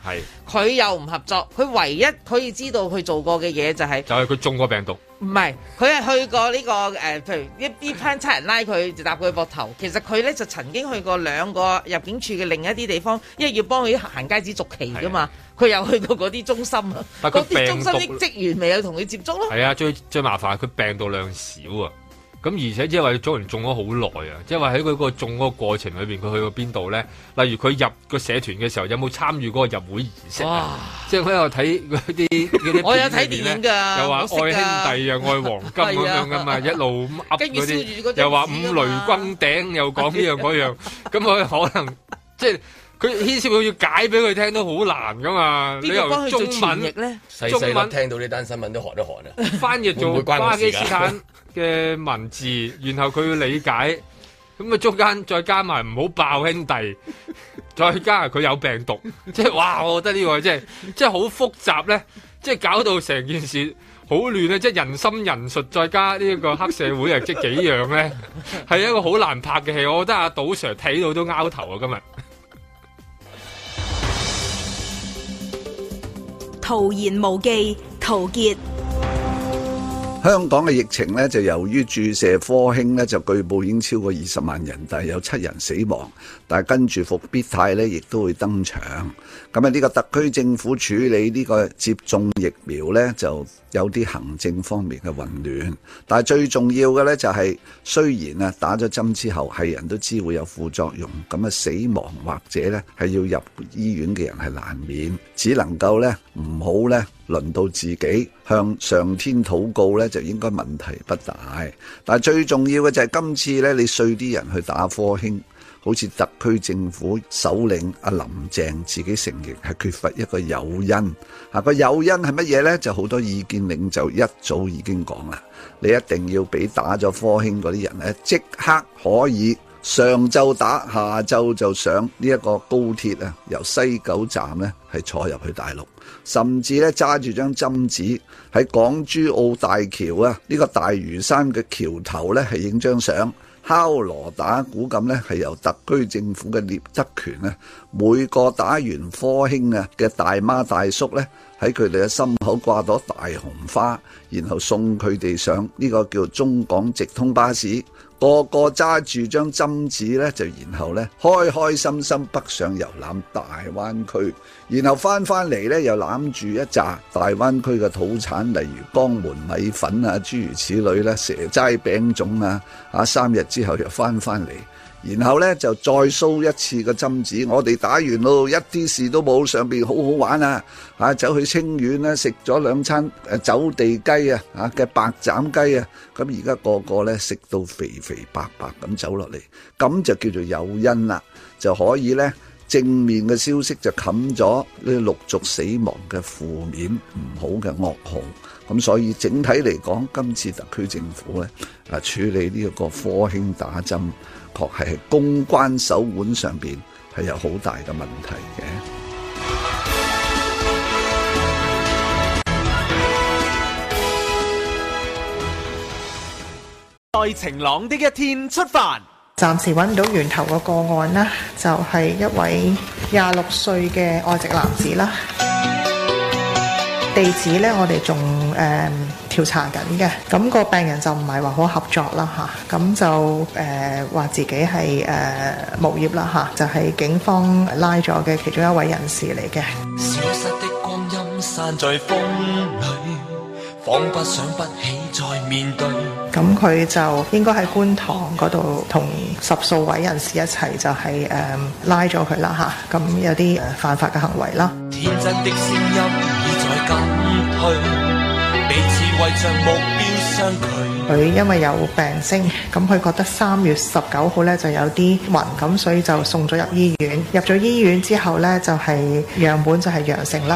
佢又唔合作，佢唯一可以知道佢做過嘅嘢就係、是、就係、是、佢中過病毒，唔係佢係去過呢、這個誒、呃，譬如一啲班差人拉佢就搭佢膊頭， 其實佢咧就曾經去過兩個入境處嘅另一啲地方，因為要幫佢行街紙續期噶嘛，佢又去過嗰啲中心，嗰啲 中心啲職員咪有同佢接觸咯，係啊，最最麻煩佢病毒量少啊。咁而且即係話，組員種咗好耐啊！即係話喺佢個種嗰個過程裏邊，佢去過邊度咧？例如佢入個社團嘅時候，有冇參與嗰個入會儀式啊？即係咧，我睇嗰啲嗰啲我有睇電影㗎，又話愛兄弟啊，愛黃金咁樣噶嘛，一路噏嗰啲又話五雷轟頂，又講呢樣嗰樣，咁佢可能即係佢牽涉到要解俾佢聽都好難噶嘛。你由中文譯咧？中文聽到呢單新聞都寒一寒啊！翻譯做花幾時間？嘅文字，然後佢要理解，咁啊中間再加埋唔好爆兄弟，再加佢有病毒，即係哇！我覺得呢個即係即係好複雜咧，即係搞到成件事好亂咧，即係人心人術再加呢一個黑社會係即幾樣咧，係一個好難拍嘅戲。我覺得阿杜 sir 睇到都拗頭啊，今日。陶言無忌，陶傑。香港嘅疫情咧，就由於注射科興咧，就據報已經超過二十萬人，但係有七人死亡。但係跟住復必泰咧，亦都會登場。咁啊！呢個特區政府處理呢個接種疫苗呢，就有啲行政方面嘅混亂。但係最重要嘅呢，就係雖然啊打咗針之後係人都知會有副作用，咁啊死亡或者呢係要入醫院嘅人係難免，只能夠呢唔好呢輪到自己向上天禱告呢，就應該問題不大。但係最重要嘅就係今次呢，你碎啲人去打科興。好似特區政府首領阿林鄭自己承認係缺乏一個誘因，啊、嗰個誘因係乜嘢咧？就好多意見領袖一早已經講啦，你一定要俾打咗科興嗰啲人咧，即刻可以上晝打，下晝就上呢一個高鐵啊，由西九站咧係坐入去大陸，甚至咧揸住張針紙喺港珠澳大橋啊呢、呢個大嶼山嘅橋頭咧係影張相。敲鑼打鼓咁呢係由特區政府嘅聶德權咧，每個打完科興啊嘅大媽大叔呢喺佢哋嘅心口掛咗大紅花，然後送佢哋上呢個叫中港直通巴士。個個揸住張針紙咧，就然後咧開開心心北上遊覽大灣區，然後翻翻嚟咧又攬住一紮大灣區嘅土產，例如江門米粉啊，諸如此類啦，蛇齋餅粽啊，啊三日之後又翻翻嚟。然後咧就再蘇一次個針子，我哋打完咯，一啲事都冇，上邊好好玩啊！啊，走去清遠咧，食咗兩餐誒走地雞啊，啊嘅白斬雞啊，咁而家個個咧食到肥肥白白咁走落嚟，咁就叫做有因啦，就可以咧正面嘅消息就冚咗呢陸續死亡嘅負面唔好嘅噩耗。咁所以整體嚟講，今次特區政府咧啊處理呢個科興打針。確係喺公關手腕上邊係有好大嘅問題嘅。在晴朗的一天出發，暫時揾唔到源頭個個案啦，就係一位廿六歲嘅外籍男子啦。地址咧，我哋仲誒。調查緊嘅，咁、那個病人就唔係話好合作啦吓，咁、啊、就誒話、呃、自己係誒、呃、無業啦吓、啊，就係、是、警方拉咗嘅其中一位人士嚟嘅。消失的光陰散在風裡，彷彿想不起再面對。咁佢不不就應該喺觀塘嗰度同十數位人士一齊就係誒拉咗佢啦吓，咁、呃啊、有啲誒、啊、犯法嘅行為啦。天真佢因為有病徵，咁佢覺得三月十九號呢就有啲暈，咁所以就送咗入醫院。入咗醫院之後呢，就係、是、樣本就係陽性嘞。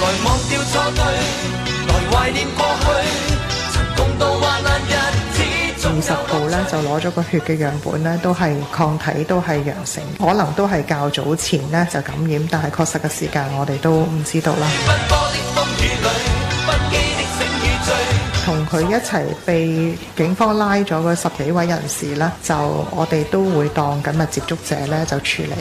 二十號咧就攞咗個血嘅樣本呢都係抗體都係陽性，可能都係較早前呢就感染，但係確實嘅時間我哋都唔知道啦。佢一齊被警方拉咗嗰十幾位人士呢，就我哋都會當緊密接觸者呢就處理。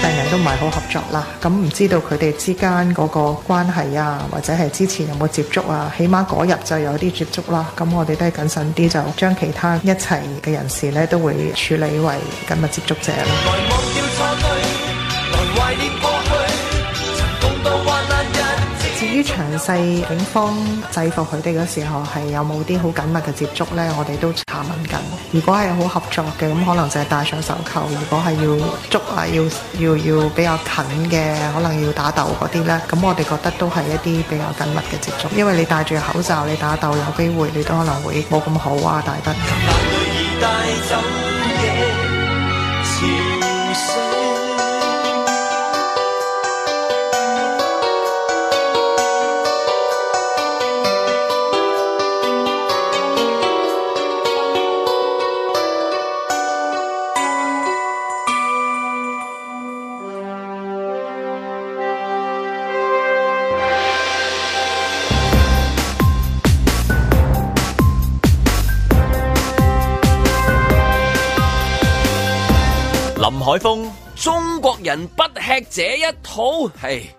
病人都唔係好合作啦，咁唔知道佢哋之間嗰個關係啊，或者係之前有冇接觸啊？起碼嗰日就有啲接觸啦。咁我哋都係謹慎啲，就將其他一齊嘅人士呢都會處理為緊密接觸者啦。詳細警方制服佢哋嗰時候係有冇啲好緊密嘅接觸呢？我哋都查問緊。如果係好合作嘅，咁可能就係戴上手扣；如果係要捉啊，要要要比較近嘅，可能要打鬥嗰啲呢。咁我哋覺得都係一啲比較緊密嘅接觸，因為你戴住口罩，你打鬥有機會你都可能會冇咁好啊，戴得。海峰，中國人不吃這一套。嘿，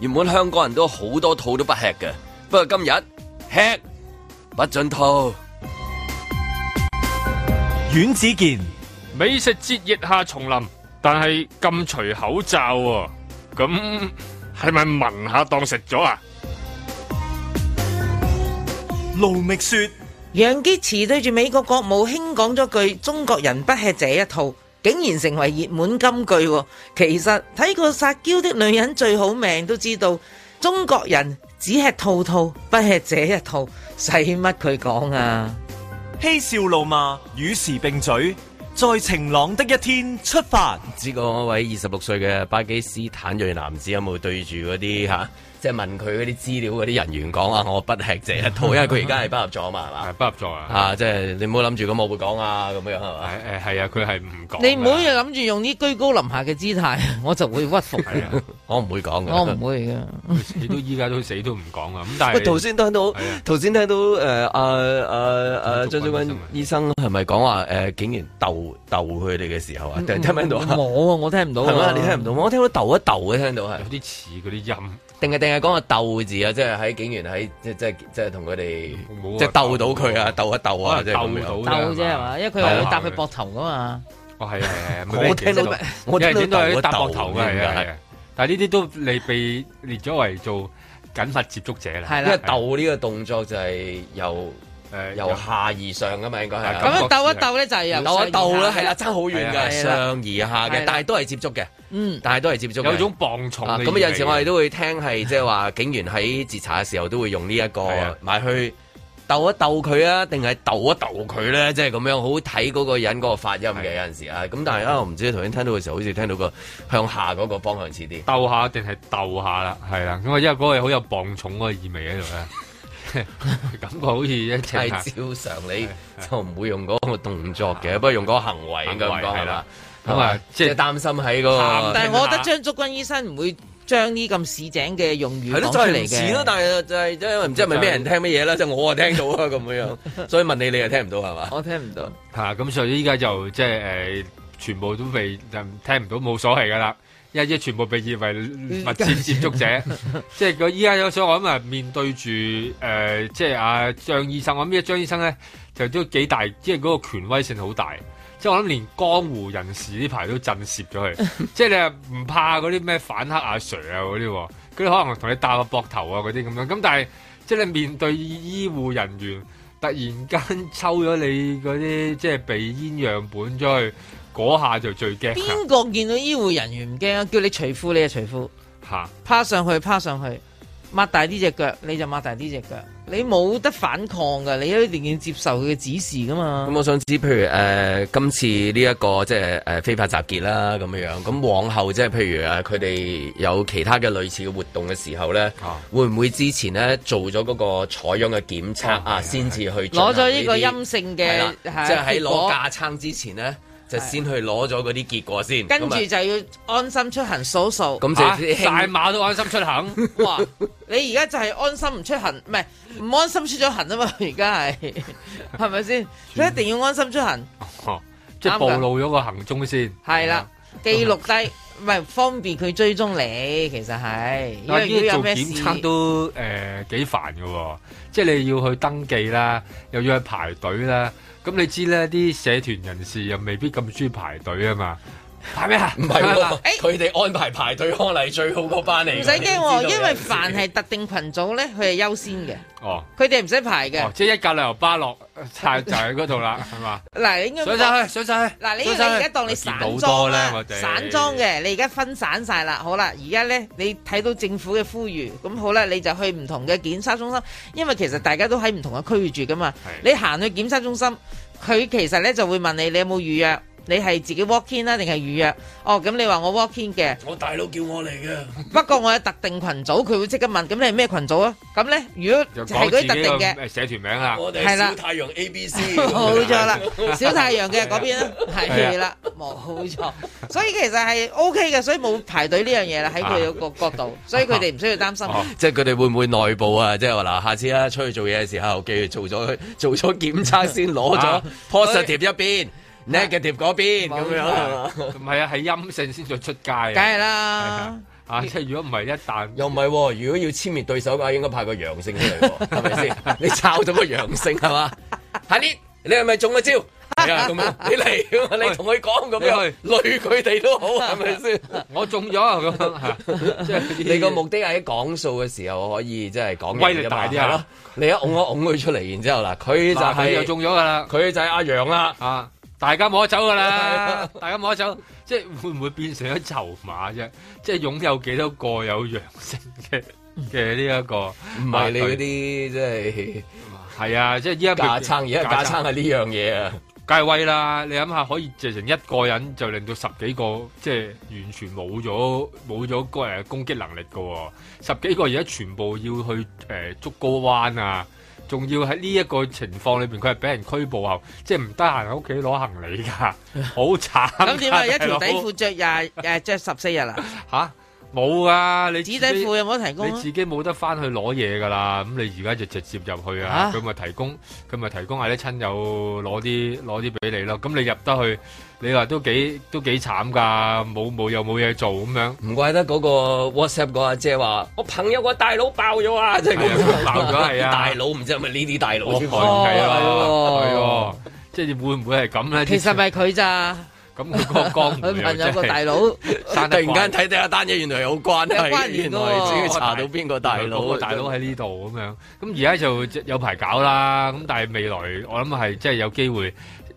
原本香港人都好多套都不吃嘅，不過今日吃不準套。阮子健，美食節疫下重臨，但係咁除口罩，哦，咁係咪聞下當食咗啊？盧覓雪，楊潔篪對住美國國務卿講咗句：中國人不吃這一套。竟然成為熱門金句，其實睇過撒嬌的女人最好命都知道，中國人只吃兔兔，不吃這一套，使乜佢講啊？嬉笑怒罵，與時並嘴，在晴朗的一天出發。呢個位二十六歲嘅巴基斯坦裔男子有冇對住嗰啲吓即、就、係、是、問佢嗰啲資料嗰啲人員講啊，我不吃這一套， 因為佢而家係不合作啊嘛，係 嘛是吧？不合作啊！嚇，即係你唔好諗住咁，我會講啊，咁樣係嘛？誒係啊，佢係唔講。你唔好諗住用啲居高臨下嘅姿態，我就會屈服。係 是啊， 我唔會講嘅。我唔會嘅。你 都依家都死都唔講啊！咁但係頭先聽到頭先、啊、聽到誒阿阿阿張竹君醫生係咪講話誒竟然鬥鬥佢哋嘅時候啊？聽唔聽到啊？我我聽唔到，係嘛？你聽唔到？我聽到鬥一鬥嘅，聽到有啲似嗰啲音。定係定係講個鬥字啊！即係喺警員喺即即即同佢哋即鬥到佢啊，鬥一鬥啊！即係鬥到啫，係嘛？因為佢話會搭佢膊頭噶嘛。哦，係係我聽到，我聽到啲 聽到 搭膊頭嘅係啊係啊，但係呢啲都你被列咗為做緊密接觸者啦。因為鬥呢個動作就係由，由下而上噶嘛，應該係咁、啊、樣鬥一鬥咧，就係鬥一鬥啦、啊，係、嗯、啦，爭好遠嘅上而下嘅，但係都係接觸嘅，嗯，但係都係接觸嘅。有一種磅重咁啊，有陣時我哋都會聽係即係話警員喺截查嘅時候都會用呢、這、一個，埋去鬥一鬥佢啊，定係鬥一鬥佢咧，即係咁樣好睇嗰個人嗰個發音嘅有陣時啊。咁但係啊，我唔知頭先聽到嘅時候好似聽到個向下嗰個方向似啲鬥一下定係鬥下啦，係啦，因為因為嗰個好有磅重嗰個意味喺度咧。 感覺好似一切照常理你就唔會用嗰個動作嘅，是是是，不過用嗰個行為咁講係啦。咁啊，即係擔心喺、嗰個。但係我覺得張竹君醫生唔會將呢咁市井嘅用語講出嚟嘅。但係就係即係唔知係咪咩人聽乜嘢啦。即係我啊聽到啊咁樣， 所以問你你又聽唔到係嘛？ 我聽唔到。吓、啊、咁所以依家就即係誒，全部都未就聽唔到，冇所謂噶啦。一啲全部被認為密切接觸者，即係個依家有想。我諗啊面對住誒，即係阿張醫生，我諗呢張醫生咧，就都幾大，即係嗰個權威性好大。即係我諗連江湖人士呢排都震懾咗佢。即係你係唔怕嗰啲咩反黑阿 Sir 啊嗰啲，佢、啊、可能同你搭個膊頭啊嗰啲咁樣。咁、啊、但係即係你面對醫護人員，突然間抽咗你嗰啲即係鼻咽樣本出去。嗰下就最驚。邊個見到醫護人員唔驚啊？叫你除褲你就除褲，吓，趴上去趴上去，擘大呢隻腳你就擘大呢隻腳，你冇得反抗噶，你一定要接受佢嘅指示噶嘛。咁我想知，譬如誒、呃、今次呢、這、一個即係誒、呃、非法集結啦咁樣樣，咁往後即係譬如啊，佢哋有其他嘅類似嘅活動嘅時候咧、啊，會唔會之前咧做咗嗰個採樣嘅檢測啊，先、啊、至去攞咗呢個陰性嘅？係啦，即係喺攞架撐之前咧。就先去攞咗嗰啲結果先，啊、跟住就要安心出行掃掃，咁、啊、大馬都安心出行。 哇！你而家就係安心唔出行，唔係唔安心出咗行啊嘛？而家係係咪先？你一定要安心出行，哦、即係暴露咗個行蹤先。係啦、啊，記錄低唔係方便佢追蹤你，其實係。因為要有咩做檢測都誒幾、呃、煩嘅喎、哦，即係你要去登記啦，又要去排隊啦。咁你知咧，啲社團人士又未必咁鍾意排隊啊嘛。排咩啊？唔係喎，佢、欸、哋安排排隊，看嚟，最好嗰班嚟。唔使驚，因為凡係特定群組咧，佢係優先嘅。哦，佢哋唔使排嘅、哦。即係一架旅遊巴落，就就喺嗰度啦，係嘛？嗱，你應該上晒去，上晒去。嗱，你而家當你散裝啦，散裝嘅，你而家分散晒啦。好啦，而家咧，你睇到政府嘅呼籲，咁好啦，你就去唔同嘅檢測中心，因為其實大家都喺唔同嘅區域住噶嘛。係。你行去檢測中心，佢其實咧就會問你，你有冇預約？你係自己 walk in 啦，定係預約？哦，咁你話我 walk in 嘅，我大佬叫我嚟嘅。不過我有特定群組，佢會即刻問。咁你係咩群組啊？咁咧，如果係嗰啲特定嘅，咩社團名啊？係啦，我哋小太陽 A B C 冇錯啦，小太陽嘅嗰邊、啊、啦，係啦、啊，冇錯。所以其實係 O K 嘅，所以冇排隊呢樣嘢啦，喺佢嗰個角度，所以佢哋唔需要擔心。即係佢哋會唔會內部啊？即係話嗱，下次啦，出去做嘢嘅時候，繼續做咗做咗檢測、啊，先攞咗 positive 一邊。Negative 嗰邊咁樣，唔係啊，係陰性先再出街啊，梗係啦，啊，即係如果唔係一旦又唔係，如果要殲滅對手嘅話，應該派個陽性出嚟，係咪先？你抄咗個陽性係嘛？阿 Lee，你係咪中咗招？係啊，咁樣你嚟，你同佢講咁樣去累佢哋都好，係咪先？我中咗啊，咁樣吓，你個目的係喺講數嘅時候，我可以即係講威力大啲係咯。你一拱一拱佢出嚟，然之後嗱，佢就佢就中咗噶啦，佢就阿楊啦啊。大家冇得走噶啦，大家冇得走，即係會唔會變成咗籌碼啫？即係擁有幾多個有陽性嘅嘅呢一個，唔係你嗰啲即係係啊，即係依家架撐，而家架撐係呢樣嘢啊，梗係威啦！你諗下，可以做成一個人就令到十幾個，即係完全冇咗冇咗個誒攻擊能力噶，十幾個而家全部要去誒竹篙灣啊！仲要喺呢一個情況裏邊，佢係俾人拘捕後，即係唔得閒喺屋企攞行李噶，好 慘。咁點解一條底褲着廿，誒著十四日啊？嚇，冇噶，你自己底褲有冇提供？你自己冇，啊，得翻去攞嘢噶啦，咁你而家就直接入去啊。佢咪提供，佢咪提供下啲親友攞啲攞啲俾你咯。咁你入得去。你話都幾都幾慘噶，冇冇又冇嘢做咁樣，唔怪得嗰個 WhatsApp 個阿姐話，我朋友個大佬爆咗啊！即係爆咗係啊！大佬唔知係咪呢啲大佬？我懷疑咯，係喎，即係會唔會係咁咧？其實咪佢咋？咁個光唔亮啫。佢朋友個大佬突然間睇到一單嘢，原來有關咧，原來只要查到邊個大佬，個大佬喺呢度咁樣。咁而家就有排搞啦。咁但係未來，我諗係即係有機會。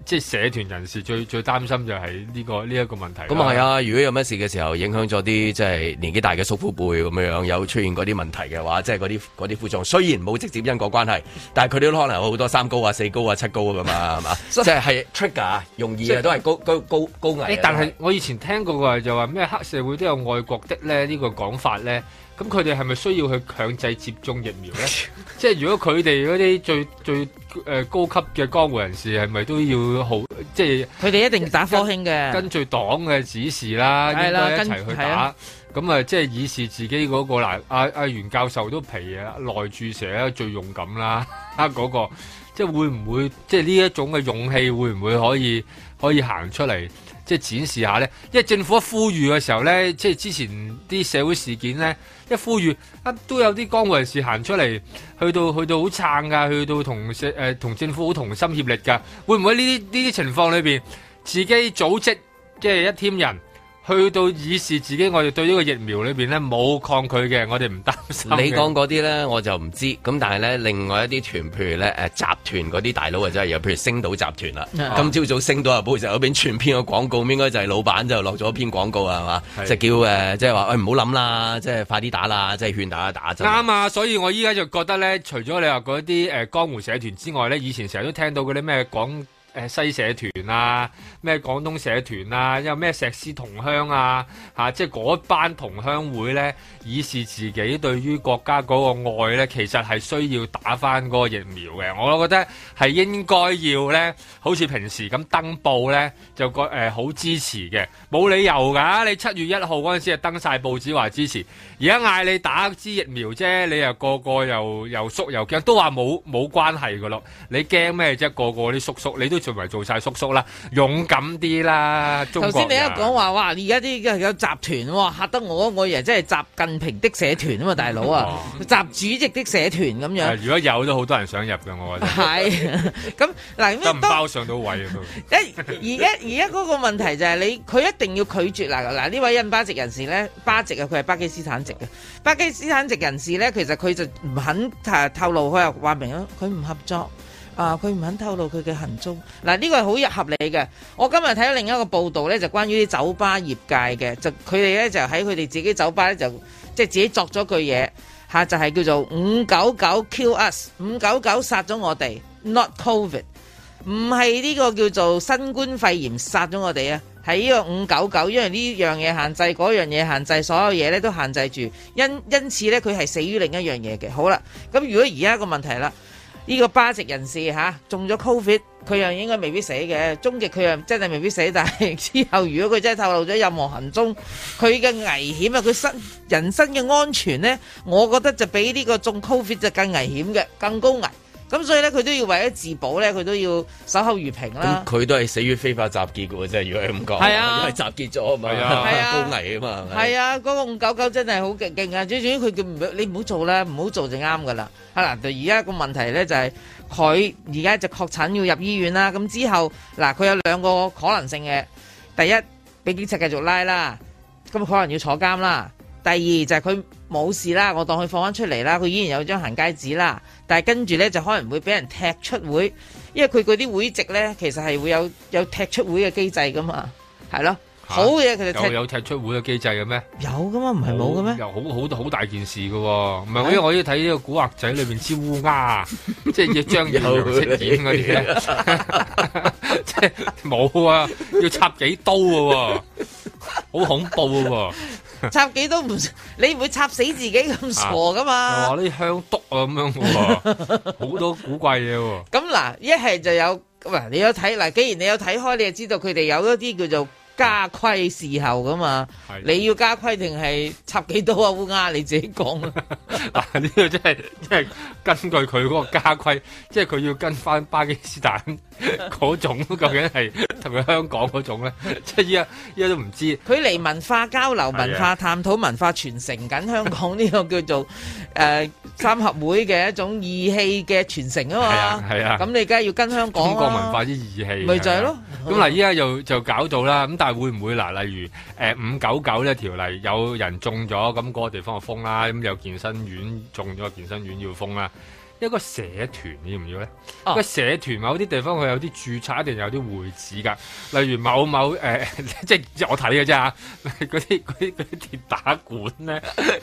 即係社團人士最最擔心就係呢、呢個呢一個問題。咁啊係啊！如果有乜事嘅時候影響咗啲即係年紀大嘅叔父輩咁樣有出現嗰啲問題嘅話，即係嗰啲啲負重雖然冇直接因果關係，但係佢哋都可能有好多三高啊、四高啊、七高㗎嘛，係嘛？即係係 trigger 容易、啊、都係高高高高危、啊欸。但係我以前聽過嘅就話咩黑社會都有愛國的咧，呢個講法咧。咁佢哋係咪需要去強制接種疫苗咧？ 即係如果佢哋嗰啲最最誒、呃、高級嘅江湖人士，係咪都要好？即係佢哋一定打科興嘅，跟根據黨嘅指示啦，一齊去打。咁啊，即係以示自己嗰個嗱，阿、啊、阿、啊啊、袁教授都皮啊，內注射最勇敢啦，啊 嗰、嗰個即係會唔會，即係呢一種嘅勇氣會唔會可以可以行出嚟，即係展示下咧？因為政府一呼籲嘅時候咧，即係之前啲社會事件咧，一呼籲啊都有啲江湖人士行出嚟，去到去到好撐㗎，去到同政誒同政府好同心協力㗎。會唔會呢啲呢啲情況裏邊自己組織，即係一 team 人？去到以示自己，我哋對呢個疫苗裏面呢冇抗拒嘅，我哋唔擔心。你講嗰啲呢，我就唔知。咁但係呢，另外一啲團譬如呢、呃、集團嗰啲大佬或者係有譬如星島集團啦、啊。今朝早星島日報嗰邊全篇嘅廣告，應該就係老闆就落咗篇廣告啊，係嘛？即係叫誒，即係話唔好諗啦，即係快啲打啦，即係勸大家打。啱啊！所以我依家就覺得呢，除咗你話嗰啲誒江湖社團之外呢，以前成日都聽到嗰啲咩講。誒西社團啊，咩廣東社團啊，又咩石獅同鄉啊，啊，即係嗰班同鄉會呢，以示自己對於國家嗰個愛呢，其實係需要打翻嗰個疫苗嘅。我覺得係應該要呢，好似平時咁登報呢，就覺誒好、呃、支持嘅，冇理由㗎。你七月一號嗰陣時啊登晒報紙話支持，而家嗌你打支疫苗啫，你又個個又又縮又驚，都話冇冇關係㗎咯。你驚咩啫？個個啲叔叔你都～為做埋做晒叔叔啦，勇敢啲啦！頭先你一講話，哇！而家啲有集團嚇得我，我以為真係習近平的社團啊嘛，大佬啊、哦，習主席的社團咁樣。如果有都好多人想入嘅，我覺得 是、啊。係咁嗱，包上到位啊，而家而家，嗰個問題就係你佢一定要拒絕嗱，嗱，呢位印巴籍人士咧，巴籍啊，佢係巴基斯坦籍嘅。巴基斯坦籍人士咧，其實佢就唔肯透露，佢又話明佢唔合作。啊！佢唔肯透露佢嘅行蹤。嗱、啊、呢、這個係好合理嘅。我今日睇到另一個報道呢，就關於啲酒吧業界嘅，就佢哋呢就喺佢哋自己酒吧呢就即係、就是、自己作咗句嘢，吓、啊、就係、是、叫做五九九 kill us，五九九殺咗我哋，not covid，唔係呢個叫做新冠肺炎殺咗我哋啊，係呢個五九九，因為呢樣嘢限制，嗰樣嘢限制，所有嘢呢都限制住，因因此呢，佢係死於另一樣嘢嘅。好啦，咁、啊、如果而家個問題啦。呢、這個巴籍人士嚇、啊、中咗 Covid，佢又應該未必死嘅。終極佢又真係未必死，但係之後如果佢真係透露咗任何行蹤，佢嘅危險啊，佢身人身嘅安全咧，我覺得就比呢個中 Covid 就更危險嘅，更高危。咁所以咧，佢都要為咗自保咧，佢都要守口如瓶啦。咁佢都係死於非法集結嘅啫，如果係咁講。係啊，因為集結咗啊嘛，高危啊嘛。係啊，嗰、啊啊那個五九九真係好勁勁啊！最主要佢叫唔你唔好做啦，唔好做就啱噶啦。係啦，就而家個問題咧就係佢而家就確診要入醫院啦。咁之後嗱，佢有兩個可能性嘅，第一俾警察繼續拉啦，咁可能要坐監啦。第二就係佢冇事啦，我當佢放翻出嚟啦，佢依然有張行街紙啦。但係跟住呢，就可能會俾人踢出會，因為佢嗰啲會籍呢，其實係會有有踢出會嘅機制噶嘛，係咯。啊、好嘢，佢哋就有踢出會嘅機制嘅咩？有噶嘛，唔係冇嘅咩？又好好好大件事嘅、啊，唔、欸、係我因為我要睇呢個古惑仔裏邊之烏鴉， 要嗯嗯嗯嗯、 即係要張耀揚出演嗰啲咧，即係冇啊，要插幾刀喎、啊！好恐怖喎、啊！ 插幾刀唔你唔會插死自己咁傻噶嘛、啊？話、啊、呢香燭啊咁樣嘅、啊，好 多古怪嘢、啊。咁嗱，一係就有喂、啊，你有睇嗱？既然你有睇開，你就知道佢哋有一啲叫做。家規事候噶嘛，你要家規定係插幾多啊，烏鴉你自己講啊！嗱，呢個真係真係根據佢嗰個家規，即係佢要跟翻巴基斯坦嗰種，究竟係同佢香港嗰種咧？即係依家依家都唔知。佢嚟文化交流、文化探討、文化傳承緊香港呢，這個叫做誒、呃、三合會嘅一種義氣嘅傳承啊嘛。係啊係啊，咁你梗係要跟香港、啊、中國文化啲義氣咪就係、是、咯？咁嗱，依家又就搞到啦咁。會唔會嗱？例如誒五九九呢條例有人中咗，咁、那、嗰個地方就封啦。咁有健身院中咗，健身院要封啦。一個社團要唔要咧？個、啊、社團某啲地方佢有啲注冊，一定有啲會址噶。例如某某誒、呃，即係我睇嘅啫。嗰啲嗰啲鐵打館咧，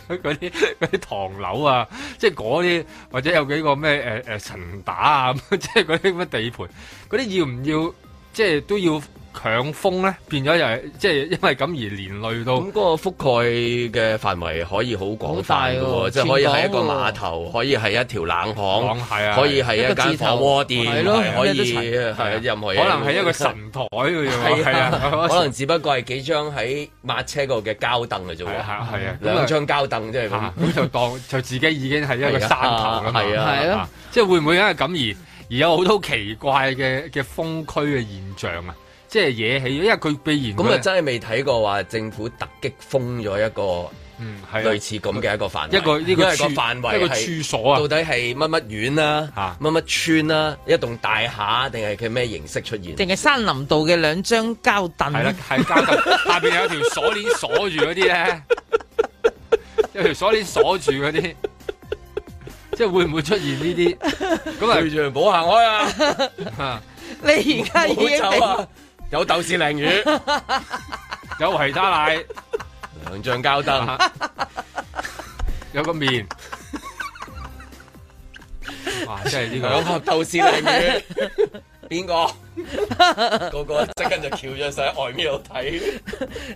嗰啲啲唐樓啊，即係嗰啲或者有幾個咩誒誒神打啊，即係嗰啲乜地盤，嗰啲要唔要？即係都要強風咧，變咗又係即係因為咁而連累到。咁嗰個覆蓋嘅範圍可以好廣大㗎喎，即係、哦、可以係一個碼頭，可以係一條冷巷、嗯嗯啊，可以係一間火鍋店，係咯、啊啊，可以、啊啊啊、任何嘢。可能係一個神台㗎喎，係 啊，啊 可能只不過係幾張喺馬車度嘅膠凳嘅啫喎，係啊，啊，兩張膠凳即係咁，咁、嗯啊、 就當就自己已經係一個山頭啊係啊，即係會唔會因為咁而？而有好多奇怪嘅嘅封區嘅現象啊，即係惹起，因為佢必然咁啊，真係未睇過話政府突擊封咗一個，嗯係類似咁嘅一個範圍，一個呢個範圍，一個處所啊，到底係乜乜院啦、啊、吓、乜、啊、乜村啦、啊，一棟大廈定係佢咩形式出現？定係山林道嘅兩張膠凳？係啦、啊，係膠凳下邊有條鎖鏈鎖住嗰啲咧，一條鎖鏈鎖住嗰啲。即係會唔會出現呢啲？咁啊，唔好行開啊！ 你而家已經有、啊？ 有豆豉鯪魚， 有維他奶，兩張膠凳，有個面。 哇！即係呢個有豆豉鯪魚，邊 個？個個即刻就翹咗上喺外面度睇。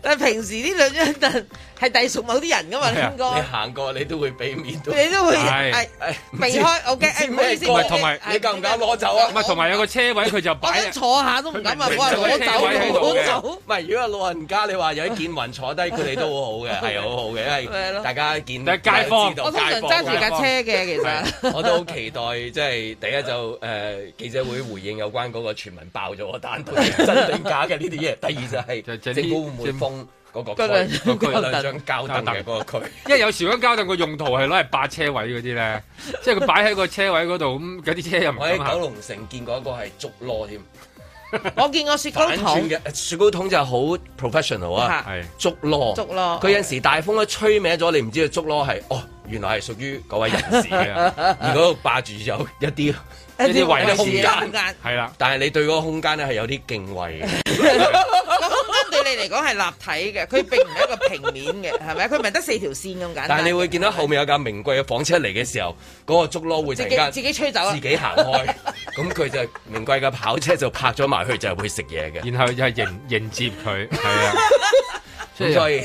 但係平時呢兩張凳係隸屬某啲人噶嘛？你行過你都會俾面，你都會係避開。O K，唔好意思。唔係同埋你夠唔夠攞走啊？唔係同埋有個車位佢就擺，坐下都唔敢話我走，我走。唔係如果係老人家，你話有啲見聞坐低，佢哋都好好嘅，係好好嘅。係大家見，但係街坊，我唔揸住架車嘅，其實我都好期待，即係第一就誒記者會回應有關嗰個傳聞。爆咗喎，單對真定假嘅呢啲嘢。第二就係政府會唔會封嗰個區？兩張膠凳嘅嗰個區，因為有時嗰張膠凳個用途係攞嚟霸車位嗰啲咧， 即係佢擺喺個車位嗰度咁，嗰啲車又不我喺九龍城見過一個係竹籮添。 我見過雪糕筒嘅雪糕筒就好 professional 啊，竹籮，佢有時大風一吹歪咗，你唔知佢竹籮係哦。原來係屬於嗰位人士嘅，如 果霸住有一啲 一啲維的空間，係啦。但係你對嗰個空間咧係有啲敬畏嘅。個 是的 空間對你嚟講係立體嘅，佢並唔係一個平面嘅，係咪？佢咪得四條線咁簡單的。但係你會見到後面有架名貴嘅房車嚟嘅時候，嗰 個竹籮會自己， 自己自己吹走，自己行開。咁佢就名貴嘅跑車就拍咗埋去，就會食嘢嘅。 然後就係迎迎接佢，係啊，唔 在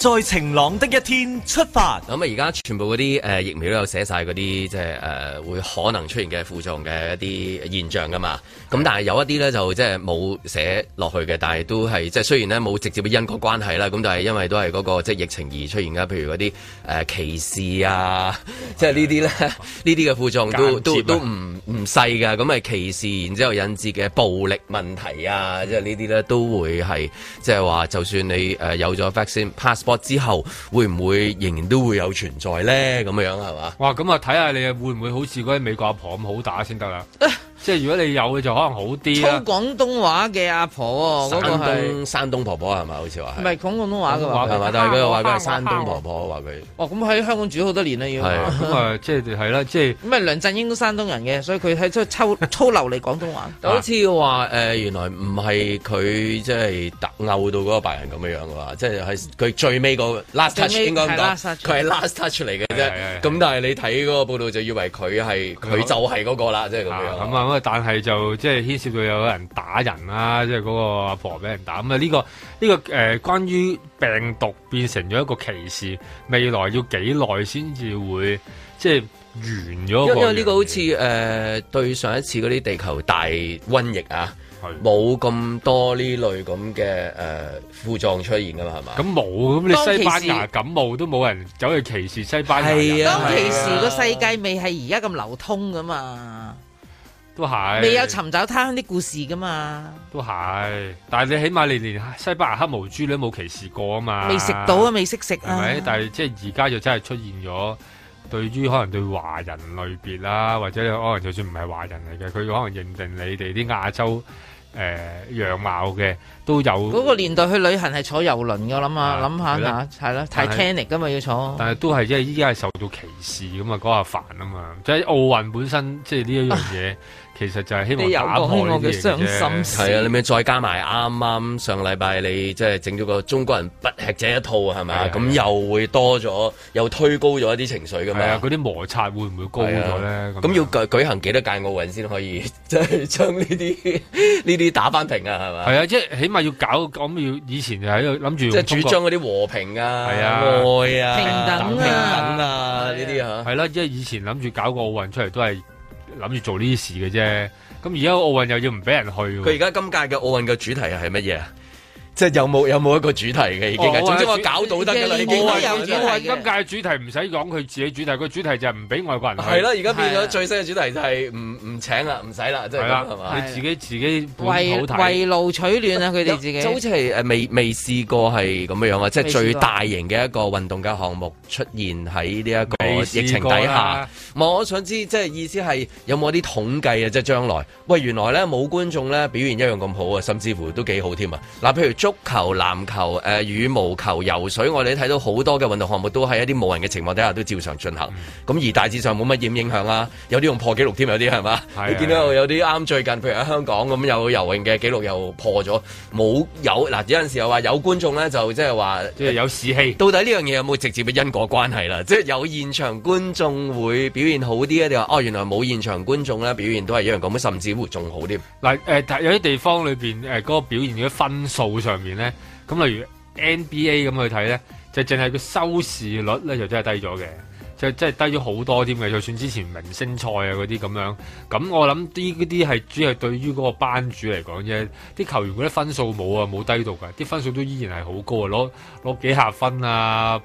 在晴朗的一天出發。咁啊，而家全部啲誒、呃、疫苗都有寫晒啲即係誒、呃、會可能出現嘅副作用嘅一啲現象噶嘛。咁但係有一啲咧就即係冇寫落去嘅，但係都係即係雖然咧冇直接嘅因果關係啦。咁但係因為都係、嗰個即係疫情而出現嘅，譬如啲誒、呃、歧視啊，即 係呢啲咧呢啲嘅副作用都都都唔唔細噶。咁啊歧視，然之後引致嘅暴力問題啊，即係呢啲咧都會係即係話就算你誒有咗播之後會唔會仍然都會有存在咧？咁樣樣係嘛？哇！咁啊，睇下你會唔會好似嗰啲美國阿婆咁好打先得啦。即係如果你有嘅就可能好啲啊！操廣東話嘅阿婆，嗰、嗰個係山東婆婆係咪？好似話係。唔係講廣東話嘅話係咪？但係佢又話佢係山東婆婆，話佢。哦，咁喺香港住咗好多年啦，要係即係係啦，即係。咁 啊、嗯，嗯嗯 嗯嗯、 梁振英都山東人嘅，所以佢喺出抽操流嚟廣東話。好似話誒，原來唔係佢即係突拗到嗰個白人咁嘅樣嘅話，即係係佢最尾個 last touch，應該講佢係 last touch 嚟嘅啫。咁但係你睇嗰個報道就以為佢係佢就係嗰個啦，即係咁樣。咁啊，但係就即係牽涉到有人打人啦，即係嗰個阿婆俾人打。咁、這、啊、個，呢、這個呢個誒，關於病毒變成咗一個歧視，未來要幾耐先至會即係完咗？因為呢個好似誒、呃，對上一次嗰啲地球大瘟疫啊，冇咁多呢類咁嘅誒副作用出現噶嘛，係嘛？咁冇，咁你西班牙感冒都冇人走去歧視西班牙。係啊，啊，啊，當其時個世界未係而家咁流通噶嘛。都係未有尋找他鄉啲故事噶嘛？都係，但係你起碼你連西班牙黑毛豬你都冇歧視過啊嘛？未食到啊，未識食係咪？但係即係而家就真係出現咗，對於可能對華人類別啦，或者可能就算唔係華人嚟嘅，佢可能認定你哋啲亞洲誒樣貌嘅，都有嗰個年代去旅行係坐遊輪㗎諗下，諗下啊，係 Titanic 㗎嘛，要坐，但係都係即係依家係受到歧視咁啊，嗰下煩啊嘛！即係奧運本身即係呢一樣嘢。啊其實就係希望打有打開心啫，係啊！你咪再加埋啱啱上禮拜你即係整咗個中國人不吃這一套係咪？咁、啊、又會多咗，又推高咗一啲情緒噶嘛、啊？嗰啲摩擦會唔會高咗咧？咁、啊、要舉行幾多屆奧運先可以，即係將呢啲呢啲打翻平啊？係咪？係啊！即係起碼要搞咁要以前就喺度諗住即係主張嗰啲和平啊，啊、愛啊、平等啊呢啲吓。係啦、啊，即係、啊啊啊、以前諗住搞個奧運出嚟都係。諗住做呢啲事嘅啫，咁而家奧運又要唔俾人去喎。佢而家今屆嘅奧運嘅主題係乜嘢？即係有冇有冇一個主題嘅已經？即係話搞到得嘅啦。我有我今屆嘅主題唔使講佢自己主題，個主題就係唔俾外國人係啦。而家、啊、變咗最新嘅主題就係唔唔請啦，唔使啦，即係啦，係嘛、啊？啊啊啊啊、自己自己為為爐取暖啊！佢哋自己好似係誒未未試過係咁樣啊！即係最大型嘅一個運動嘅項目出現喺呢一個疫情底下。我想知，即係意思係有冇啲統計啊？即係將來喂，原來呢，冇觀眾呢表現一樣咁好啊，甚至乎都幾好添啊！嗱，譬如足球、籃球、誒羽毛球、游水，我哋睇到好多嘅運動項目都喺一啲無人嘅情況底下都照常進行。咁、嗯、而大致上冇乜嘢影響啊，有啲仲破紀錄添，有啲係嘛？你見到有啲啱最近，譬如喺香港咁有游泳嘅紀錄又破咗，冇有？嗱，有陣時又話有觀眾呢，就即係話，即係有士氣。到底呢樣嘢有冇直接嘅因果關係啦？即係有現場觀眾會表。表現好啲啊！你話哦，原來冇現場觀眾咧，表現都係一樣咁樣，甚至乎仲好啲。嗱，誒，有啲地方裏邊誒，嗰個表現嘅分數上面咧，咁例如 NBA 咁去睇咧，就淨係個收視率咧，就真係低咗嘅。即真係低咗好多添嘅，就算之前明星賽啊嗰啲咁樣，咁我諗呢啲係主要對於嗰個班主嚟講啫，啲球員嗰啲分數冇啊冇低到㗎，啲分數都依然係好高啊，攞攞幾下分啊，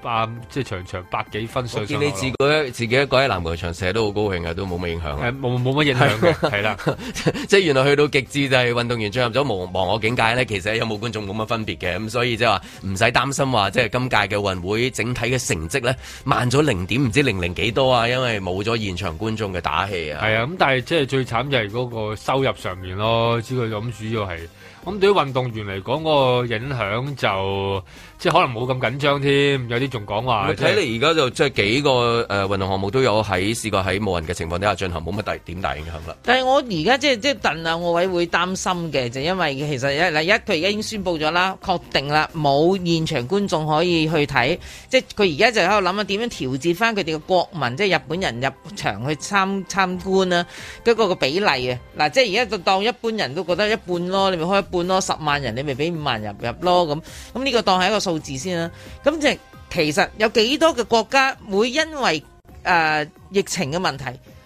即係場場百幾分。我見你自己自己一個喺籃球場，成日都好高興啊，都冇乜影響。冇冇乜影響嘅。係 啦是的， 是的 即係原來去到極致就係、是、運動員進入咗忘忘我境界咧，其實有冇觀眾冇乜分別嘅，咁所以就即係話唔使擔心話即係今屆嘅運會整體嘅成績咧慢咗零點唔知。零零幾多啊？因為冇咗現場觀眾嘅打氣啊！係啊，咁但係即係最慘就係嗰個收入上面咯，知佢咁主要係。咁、嗯、對於運動員嚟講，嗰個影響就即係可能冇咁緊張添。有啲仲講話，睇嚟而家就即係、就是、幾個誒運、呃、動項目都有喺試過喺冇人嘅情況底下進行，冇乜大點大，大影響啦。但係我而家即係即係鄧啊，我、就是就是、位會擔心嘅，就是、因為其實一嚟一佢而家已經宣布咗啦，確定啦冇現場觀眾可以去睇，即係佢而家就喺度諗啊點樣調節翻佢哋嘅國民，即、就、係、是、日本人入場去參參觀啦。不、這、過個比例啊，嗱即係而家就當一般人都覺得一半咯，你咪開。半咯，十萬人你咪俾五萬人入入咯咁，咁呢、這個當係一個數字先啦。咁即其實有幾多嘅國家會因為、呃、疫情嘅問題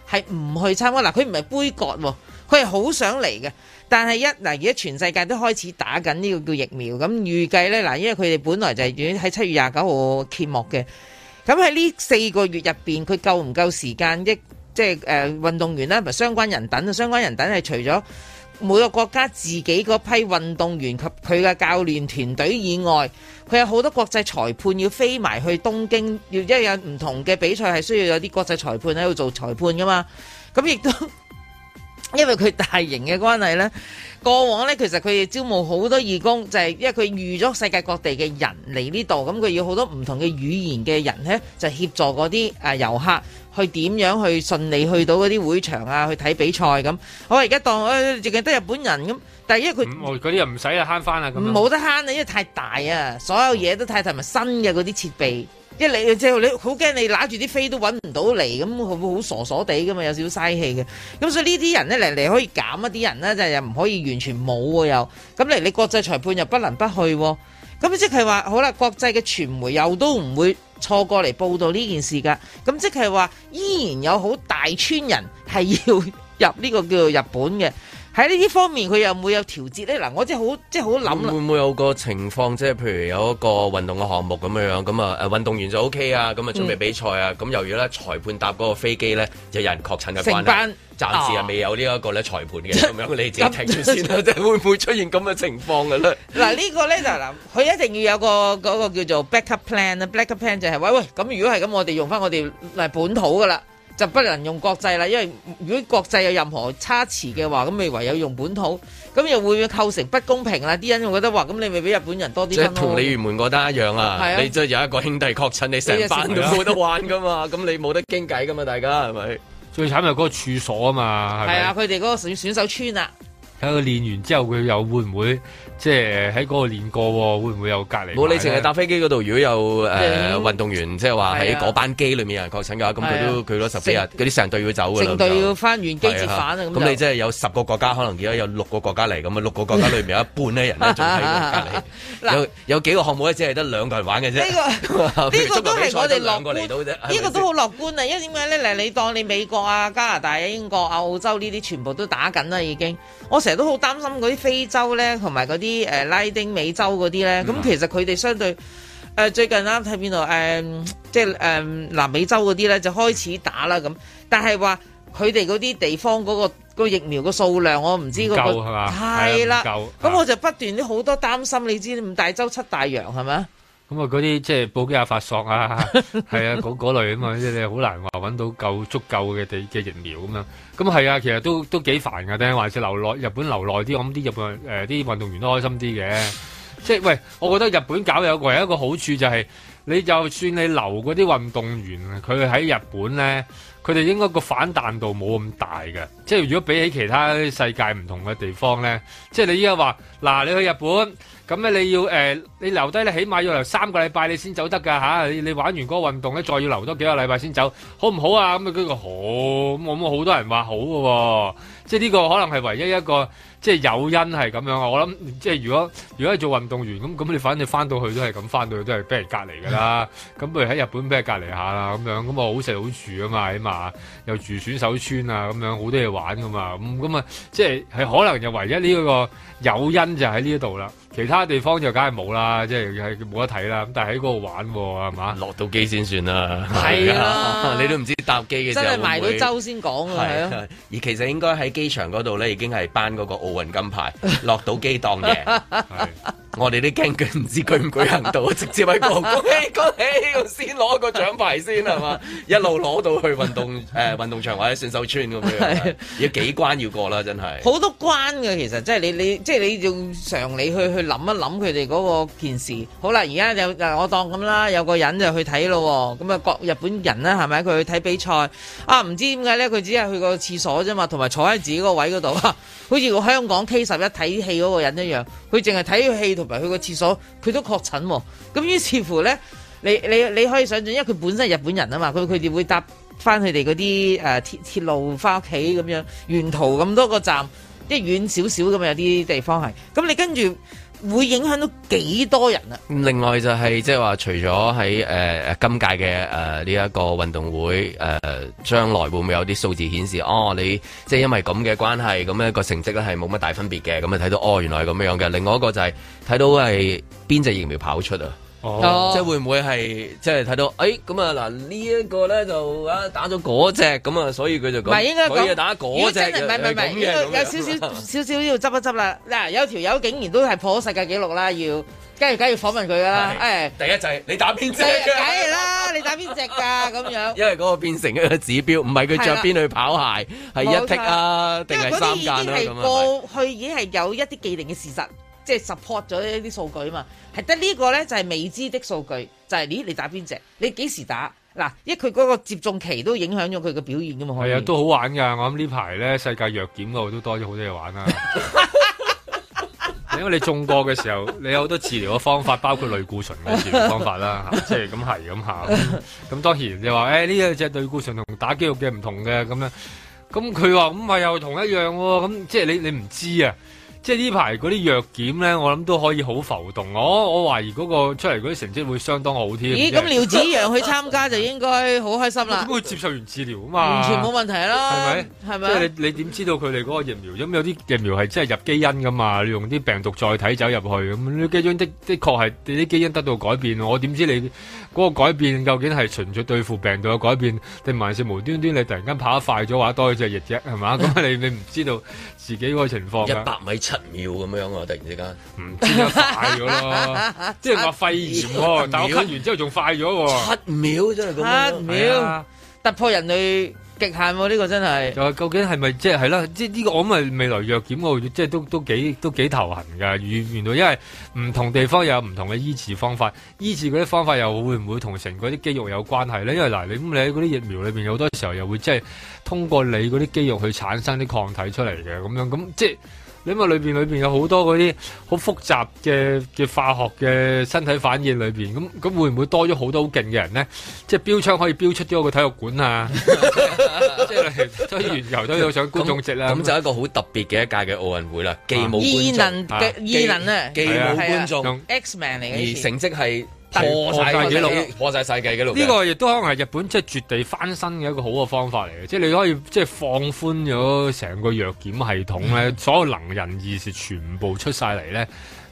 係唔去參加嗱？佢唔係杯葛喎、哦，佢係好想嚟嘅。但係一嗱而家全世界都開始打緊呢個叫疫苗咁，預計呢，嗱，因為佢哋本來就係喺七月廿九號揭幕嘅。咁喺呢四個月入邊，佢夠唔夠時間？即係即係誒運動員啦，唔係相關人等啊，相關人等係除咗。每個國家自己嗰批運動員及佢嘅教練團隊以外，佢有好多國際裁判要飛埋去東京，要因為有唔同嘅比賽係需要有啲國際裁判喺度做裁判噶嘛，咁亦都。因為佢大型嘅關係呢，過往呢，其實佢哋招募好多義工，就係因為佢預咗世界各地嘅人嚟呢度，咁佢要好多唔同嘅語言嘅人呢，就協助嗰啲誒遊客去點樣去順利去到嗰啲會場啊，去睇比賽咁。我而家當誒淨係得日本人咁，但係因為佢，嗰啲又唔使啊，慳翻啊，咁，冇得慳啊，因為太大啊，所有嘢都太大，同埋新嘅嗰啲設備。一嚟即係，你好驚，你揦住啲飛都揾唔到嚟，咁會會好傻傻地㗎嘛？有少少嘥氣嘅。咁所以呢啲人咧嚟嚟可以減一啲人呢，就係又唔可以完全冇喎又。咁嚟你國際裁判又不能不去，咁即係話好啦，國際嘅傳媒又都唔會錯過嚟報導呢件事㗎。咁即係話依然有好大群人係要入呢個叫做日本嘅。喺呢啲方面佢有冇有，有調節咧？嗱，我即係好即係好諗啦。會唔會有個情況即係譬如有一個運動嘅項目咁樣樣咁啊？誒運動員就 O K 啊，咁啊準備比賽啊，咁、嗯、由於咧裁判搭嗰個飛機咧，就有人確診嘅關成班、啊、暫時係未有呢一個咧裁判嘅咁樣，你自己聽住先啦，即 係會唔會出現咁嘅情況嘅咧？嗱， 呢個咧就嗱，佢一定要有個嗰個叫做 backup plan 啊 ，backup plan 就係、是、喂喂，咁如果係咁，我哋用翻我哋嚟本土嘅啦。就不能用國際啦，因為如果國際有任何差池嘅話，咁咪唯有用本土，咁又會唔會構成不公平啦。啲人會覺得話，咁你咪俾日本人多啲分即係同李如門覺得一樣啊！啊你即係有一個兄弟確診，你成班都冇得玩噶嘛，咁、啊、你冇得傾偈噶嘛，大家係咪？ 最慘係嗰個處所啊嘛，係啊，佢哋嗰個選手村啊，睇佢練完之後，佢又會唔會？即係喺嗰度練過喎、哦，會唔會有隔離？冇，你淨係搭飛機嗰度，如果有誒、呃嗯、運動員，即係話喺嗰班機裏面有人確診嘅話，咁佢都佢攞十幾日，嗰啲成隊要走嘅。成隊要翻完機先返。咁你即係有十個國家，可能而家有六個國家嚟咁啊？六個國家裏面有一半咧人咧仲喺 隔離、啊啊啊啊啊有。有幾個項目咧，只係得兩個人玩嘅啫。呢、這個 這個都係我哋到啫。呢個、這個都好樂觀啊、這個！因為點解咧？嗱，你當你美國啊、加拿大啊、英國啊、澳洲呢啲全部都打緊啦已經。我成日都好擔心嗰啲非洲咧，同埋嗰啲。啲誒拉丁美洲嗰啲咧，咁其實佢哋相對誒、呃、最近啱睇邊度誒，即係誒、呃、南美洲嗰啲咧就開始打啦咁，但係話佢哋嗰啲地方嗰、嗰個嗰個疫苗嘅數、嗰個數量，我唔知夠係嘛？係啦，咁、啊、我就不斷都好多擔心，你知五大洲七大洋係咪啊？咁、嗯、啊，嗰啲即係布基亞法索啊，係啊，嗰 嗰類吖嘛，即係你好難話揾到夠足夠嘅地嘅疫苗咁樣。咁係啊，其實都都幾煩噶。定還是留耐？日本留耐啲，我諗啲日本誒啲運動員都開心啲嘅。即係喂，我覺得日本搞有唯一,一個好處就係、是，你就算你留嗰啲運動員，佢喺日本咧，佢哋應該個反彈度冇咁大嘅。即係如果比起其他世界唔同嘅地方咧，即係你依家話嗱，你去日本。咁你要誒、呃，你留低咧，起碼要留三個禮拜你先走得㗎、嚇、你，你玩完嗰個運動咧，你再要留多幾個禮拜先走，好唔好啊？咁啊，個好，咁我好多人話好嘅喎。即係呢個可能係唯一一個，即、就、係、是、誘因係咁樣。我諗即係如果如果係做運動員咁，咁你反正翻到去都係咁，翻到去都係俾人隔離㗎啦。咁 不如喺日本俾人隔離下啦，咁樣咁我好食好住啊嘛，起碼又住選手村啊，咁樣好多嘢玩㗎嘛。咁咁啊，即係可能就是、是唯一呢個個誘因就喺呢度啦。其他地方就梗係冇啦，即係冇得睇啦。咁但係喺嗰度玩喎，係嘛？落到機先算啦，係啦、啊，啊、 你都唔知搭機嘅時候會會真係買到周先講啊，而其實應該喺機場嗰度咧已經係頒嗰個奧運金牌 落到機當贏。 我哋都驚佢唔知舉唔舉行到， 直接喺度講起講起， 先攞個獎牌先係嘛，一路攞到去運動誒、呃、運動場或者選手村咁樣， 要幾關要過啦，真係好 多關嘅其實，即係你你即係你要常理去去諗一諗佢哋嗰個件事。好啦，而家就我當咁啦，有個人就去睇咯、喔，咁啊國日本人啦係咪？佢去睇比賽啊？唔知點解咧？佢只係去個廁所啫嘛，同埋坐喺自己個位嗰度、啊，好似個香港 K 十一睇戲嗰個人一樣，佢淨係睇個戲同。唔係去個廁所，佢都確診喎、啊。咁於是乎呢，你你你可以想象，因為佢本身係日本人啊嘛，佢佢哋會搭翻佢哋嗰啲誒鐵鐵路翻屋企咁樣，沿途咁多個站，即係遠少少咁有啲地方係。咁你跟住。會影響到幾多人啊？另外就係即係話，除咗喺誒誒今屆嘅誒呢一個運動會，誒、呃、將來會唔會有啲數字顯示？哦，你即係因為咁嘅關係，咁一個成績咧係冇乜大分別嘅，咁啊睇到哦，原來係咁樣嘅。另外一個就係、是、睇到係邊隻疫苗跑出啊？哦、oh.，即係會唔會係即係睇到誒咁啊，嗱呢一個咧就啊打咗嗰隻咁啊所以佢就唔係應該講，佢就打嗰隻唔係唔係，應該有少少少少要執一執啦。嗱有條友竟然都係破咗世界紀錄啦，要跟住梗要訪問佢噶啦。誒、哎，第一就係你打邊隻梗係啦，你打邊隻噶咁樣，因為嗰個變成一個指標，唔係佢着邊對跑鞋係一剔啊定係三間啊咁樣。過去已經係有一啲既定嘅事實。即、就、係、是、support 咗一啲數據啊嘛，係得呢個咧就係、是、未知的數據，就係、是、咦你打邊隻，你幾時打？嗱，因為佢嗰個接種期都影響咗佢嘅表現噶嘛？係啊，都好玩噶。我諗呢排咧世界藥檢嗰度都多咗好多嘢玩啦、啊。 因為你中過嘅時候，你有好多治療嘅方法，包括類固醇嘅治療方法啦、啊 啊。即係咁係咁下。咁、嗯、 當然你話誒呢一隻類固醇同打肌肉嘅唔同嘅咁樣，咁佢話咁咪又同一樣喎。咁即係你你唔知啊。即係呢排嗰啲藥檢咧，我諗都可以好浮動。我我懷疑嗰個出嚟嗰啲成績會相當好添。咦？咁廖子陽去參加就應該好開心啦。咁佢會接受完治療啊嘛，完全冇問題啦。係咪？係咪？即係你你點知道佢哋嗰個疫苗？咁、嗯、有啲疫苗係真係入基因噶嘛？你用啲病毒載體走入去咁、嗯，你基因的的確係你啲基因得到改變。我點知你嗰個改變究竟係純粹對付病毒嘅改變，定還是無端端你突然間跑得快咗話多咗隻翼啫？係嘛？咁你你唔知道自己個情況、啊？一百米。七秒咁樣啊！突然之間唔知一快咗咯，即係話肺炎、啊，但我咳完之後仲快咗、啊。七秒真係咁七秒、啊、突破人類極限呢、啊這個真係。究竟係咪即係係啦？即係呢個我咪未來藥檢我即係都都，都幾都幾頭痕噶，原來因為唔同地方有唔同嘅醫治方法，醫治嗰啲方法又會唔會同成嗰啲肌肉有關係咧？因為嗱，你你喺嗰啲疫苗裏邊，好多時候又會即係通過你嗰啲肌肉去產生啲抗體出嚟嘅咁樣，咁即係。因為裏邊裏邊有好多嗰啲好複雜嘅嘅化學嘅身體反應裏邊，咁咁會唔會多咗好多好勁嘅人咧？即係標槍可以標出咗個體育館啊 即！即係都完油都有上觀眾席啦。咁 就係一個好特別嘅一屆嘅奧運會啦。異、啊、能嘅、啊、能啊！既冇觀眾、啊、，X Man 嚟嘅。而成績係，破曬紀錄，破晒世界紀錄。呢、這個亦都可能係日本即係絕地翻身嘅一個好嘅方法嚟嘅，即、就、係、是、你可以即係放寬咗成個藥檢系統咧， 所有能人異士全部出晒嚟咧。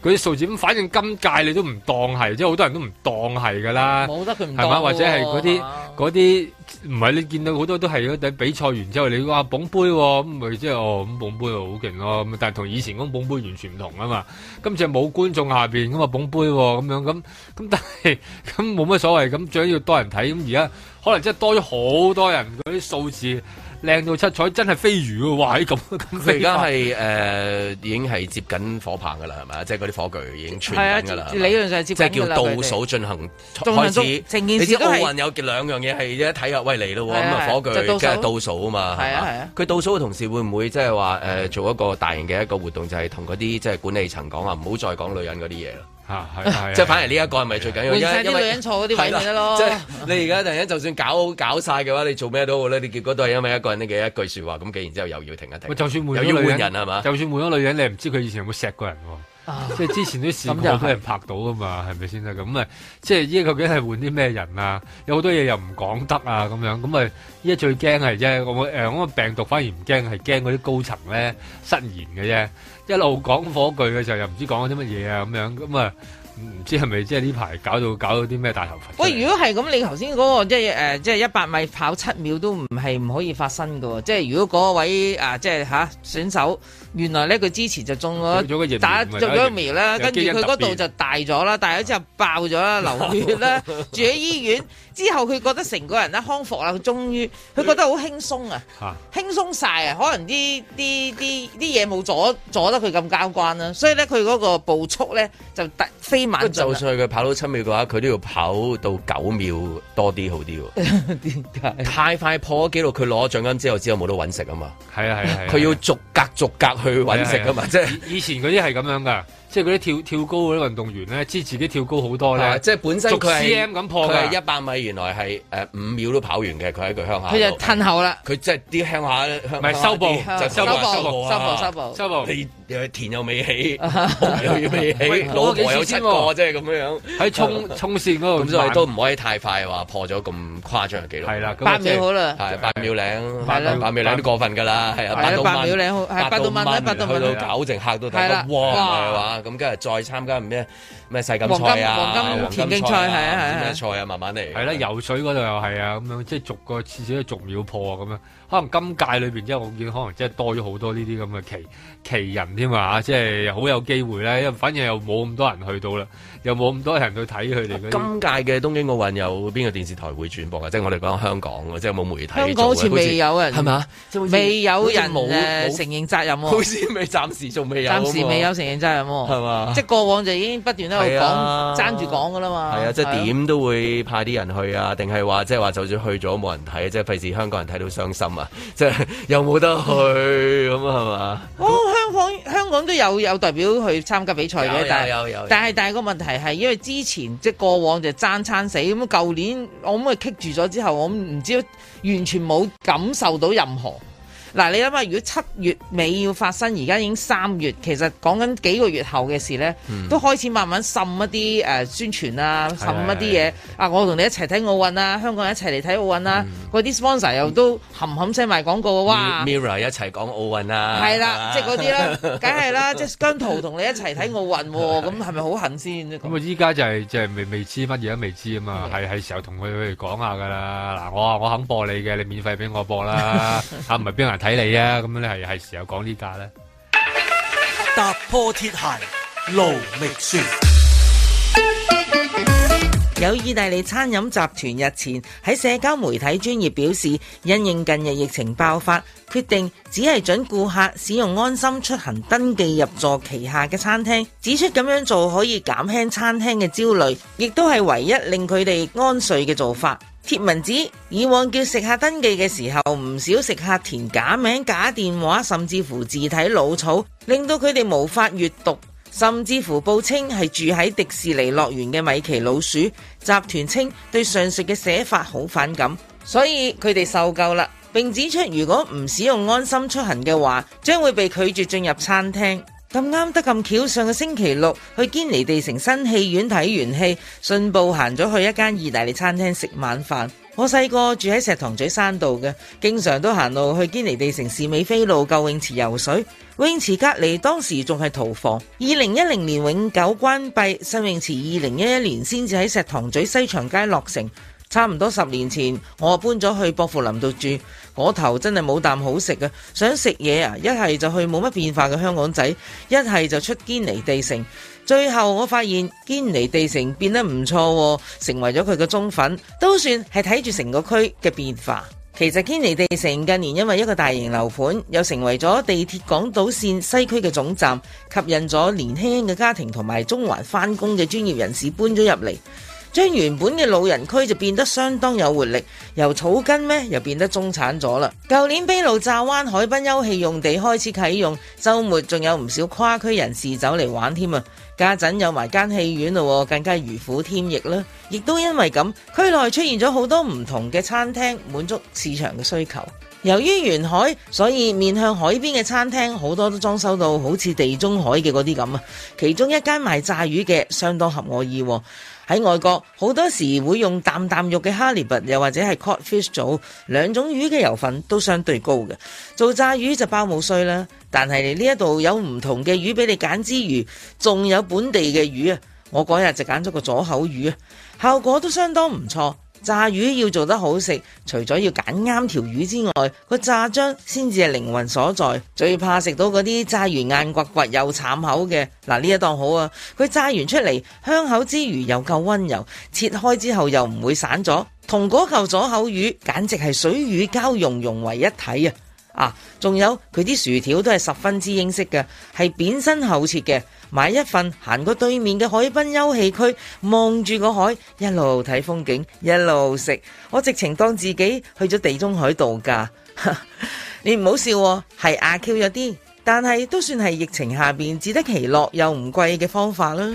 佢啲數字咁，反正今屆你都唔當係，即係好多人都唔當係噶啦，係嘛？或者係嗰啲嗰啲，唔、啊、係你見到好多都係喺比賽完之後，你話捧杯咁、哦，咪即係哦咁捧杯好勁咯咁。但係同以前咁捧杯完全唔同啊嘛。今次冇觀眾下面咁啊捧杯咁、哦、樣咁咁，但係咁冇乜所謂。咁最緊要多人睇咁，而家可能真係多咗好多人佢啲數字。靚到七彩，真係飛魚喎！哇，係咁，而家係誒已經係接緊火棒噶啦，係咪啊？即係嗰啲火炬已經出緊噶啦。啊、吧理論上即係叫倒數進行、啊、開始。你知奧運有兩樣嘢係一睇下，喂嚟咯，咁、哦、啊、啊火炬即係倒數啊嘛。係啊係啊，佢、啊、倒數嘅同時會唔會即係話誒做一個大型嘅一個活動，就係同嗰啲即係管理層講啊，唔好再講女人嗰啲嘢啦。啊，係係、啊，即係、啊、反而呢一個係咪最緊要？換晒啲女人坐嗰啲位咪得咯。即係、啊就是， 你而家突然間就算搞搞晒嘅話，你做咩都好咧，你結果都係因為一個人嘅一句說話咁，那既然之後又要停一停。就算換咗女人係嘛？就算換咗女，女人，你唔知佢以前有冇錫過人喎、啊。即係之前啲視頻俾人拍到啊嘛，係咪先啊？咁啊，即係依個究竟係換啲咩人啊？有好多嘢又唔講得啊，咁樣咁啊，依家最驚係啫。我誒、呃，我病毒反而唔驚，係驚嗰啲高層咧失言嘅啫。一路講火炬嘅時候，又唔知講緊啲乜嘢啊咁樣，咁啊唔知係咪即係呢排搞到搞到啲咩大頭佛？喂，如果係咁，你頭先嗰個即係誒，即係一百米跑七秒都唔係唔可以發生噶，即係如果嗰位啊即係吓、啊、選手。原來咧，佢之前就中咗打中咗苗啦。跟住佢嗰度就大咗啦，大咗之後爆咗啦，流血啦， 住喺醫院。之後佢覺得成個人咧康復啦，佢終於佢覺得好輕鬆啊， 輕鬆晒啊！可能啲啲啲啲嘢冇阻阻得佢咁交關啦。所以咧，佢嗰個步速咧就突飛猛進。就算佢跑到七秒嘅話，佢都要跑到九秒多啲好啲喎。 太快破咗紀錄，佢攞咗獎金之後，之後冇得揾食啊嘛。係啊係啊，佢要逐格逐格。去搵食噶嘛，即係以前嗰啲係咁樣噶，即係嗰啲跳跳高嗰啲運動員咧，知自己跳高好多咧。是即係本身佢係一百米，原來係誒五秒都跑完嘅。佢喺佢鄉下，佢就吞口啦。佢即係啲鄉下鄉唔係收布就收布收布收布收布又田又未起， 未又要未起， 老何有七個即係咁樣喺衝衝線嗰度。 所以都唔可以太快話破咗咁誇張嘅紀錄。係啦，八秒好啦，係八秒零，八秒零都過過分㗎啦，係啊，八秒零，係八到去到搞成嚇都睇到哇，咁跟日再參加咩咩世錦賽啊、黃金賽、田徑賽，係係啊，啲咩賽啊，慢慢嚟係啦。游水嗰度又係啊，咁樣即係逐個次次都逐秒破啊，咁樣可能今屆裏邊即係我見，可能即係多咗好多呢啲咁嘅奇奇人添啊，即係好有機會咧。因為反而又冇咁多人去到啦，又冇咁多人去睇佢哋。今屆嘅東京奧運有邊個電視台會轉播啊？即係我哋講香港即係冇媒體。香港好似未有人係嘛？未有人冇承認責任喎。好似未，暫時仲未有。暫時未有承認真係冇，係嘛？即係過往就已經不斷都係講爭住講㗎啦嘛。係啊，啊，啊，即係點都會派啲人去啊？定係話即係話，就算去咗冇人睇，即係費事香港人睇到傷心啊！即 係又冇得去咁啊？係 嘛？哦，香港香港都有有代表去參加比賽嘅，但係但係個問題係，因為之前即係過往就爭餐死咁，舊年我咁啊棘住咗之後，我唔知完全冇感受到任何。嗱，你諗下，如果七月尾要發生，而家已經三月，其實講緊幾個月後嘅事咧，嗯，都開始慢慢滲一啲、呃、宣傳啊，滲一啲嘢。啊，我同你一齊睇奧運啊，香港人一齊嚟睇奧運啊，嗰啲 sponsor 又都冚冚聲賣廣告哇！Mirror 一齊講奧運啊，係、啊、啦， 啦，即係嗰啲啦，梗係啦，即係姜濤同你一齊睇奧運喎，咁係咪好狠先？咁啊，依家就係、是、就係、是、未未知乜嘢都未知啊嘛，係係時候同佢哋講下噶啦。嗱，我我肯播你嘅，你免費俾我播啦，嚇唔係俾人。睇你啊，咁樣你係係時候講呢價咧？踏破鐵鞋路未熟。有意大利餐飲集團日前喺社交媒體專頁表示，因應近日疫情爆發，決定只係准顧客使用安心出行登記入座旗下嘅餐廳，指出咁樣做可以減輕餐廳嘅焦慮，亦都係唯一令佢哋安睡嘅做法。貼文指以往叫食客登記嘅時候，唔少食客填假名、假電話，甚至乎字體潦草，令到佢哋無法閱讀，甚至乎報稱係住喺迪士尼樂園嘅米奇老鼠集團，稱對上述嘅寫法好反感，所以佢哋受夠啦，並指出如果唔使用安心出行嘅話，將會被拒絕進入餐廳。咁啱得咁巧，上個星期六去堅尼地城新戲院睇完戲，順步行咗去一間意大利餐廳食晚飯。我細個住喺石塘咀山道嘅，經常都行路去堅尼地城士美菲路舊泳池游水，泳池隔籬當時仲係屠房。二零一零年永久關閉，新泳池二零一一年先至喺石塘咀西長街落成。差唔多十年前，我搬咗去薄扶林度住，我頭真係冇啖好食啊，想食嘢啊，一係就去冇乜變化嘅香港仔，一係就出堅尼地城。最後我發現堅尼地城變得唔錯，成為咗佢嘅忠粉，都算係睇住成個區嘅變化。其實堅尼地城近年因為一個大型樓盤，又成為咗地鐵港島綫西區嘅總站，吸引咗年輕嘅家庭同埋中環返工嘅專業人士搬咗入嚟。將原本嘅老人區就變得相當有活力，由草根咩又變得中產咗啦。舊年卑路乍灣海濱休憩用地開始啟用，周末仲有唔少跨區人士走嚟玩添啊！家陣有埋間戲院咯，更加如虎添翼啦。亦都因為咁，區內出現咗好多唔同嘅餐廳，滿足市場嘅需求。由於沿海，所以面向海邊嘅餐廳好多都裝修到好似地中海嘅嗰啲咁啊。其中一間賣炸魚嘅，相當合我意。喺外國好多時會用啖啖肉嘅哈利拔，又或者係 cod fish 做。兩種魚嘅油分都相對高嘅。做炸魚就包冇衰啦，但係呢度有唔同嘅魚俾你揀之餘，仲有本地嘅魚啊！我嗰日就揀咗個左口魚啊，效果都相當唔錯。炸魚要做得好食，除咗要揀啱條魚之外，個炸漿先至係靈魂所在。最怕食到嗰啲炸魚硬骨骨又慘口嘅。嗱，呢一檔好啊，佢炸完出嚟香口之餘又夠溫柔，切開之後又唔會散咗，同嗰嚿左口魚簡直係水乳交融融為一體啊！啊，仲有佢啲薯條都係十分之英式嘅，係扁身厚切嘅。買一份，行過對面嘅海濱休憩區，望住個海，一路睇風景，一路食，我直情當自己去咗地中海度假。 你唔好笑，係阿 Q 一啲，但係都算係疫情下邊自得其樂又唔貴嘅方法啦。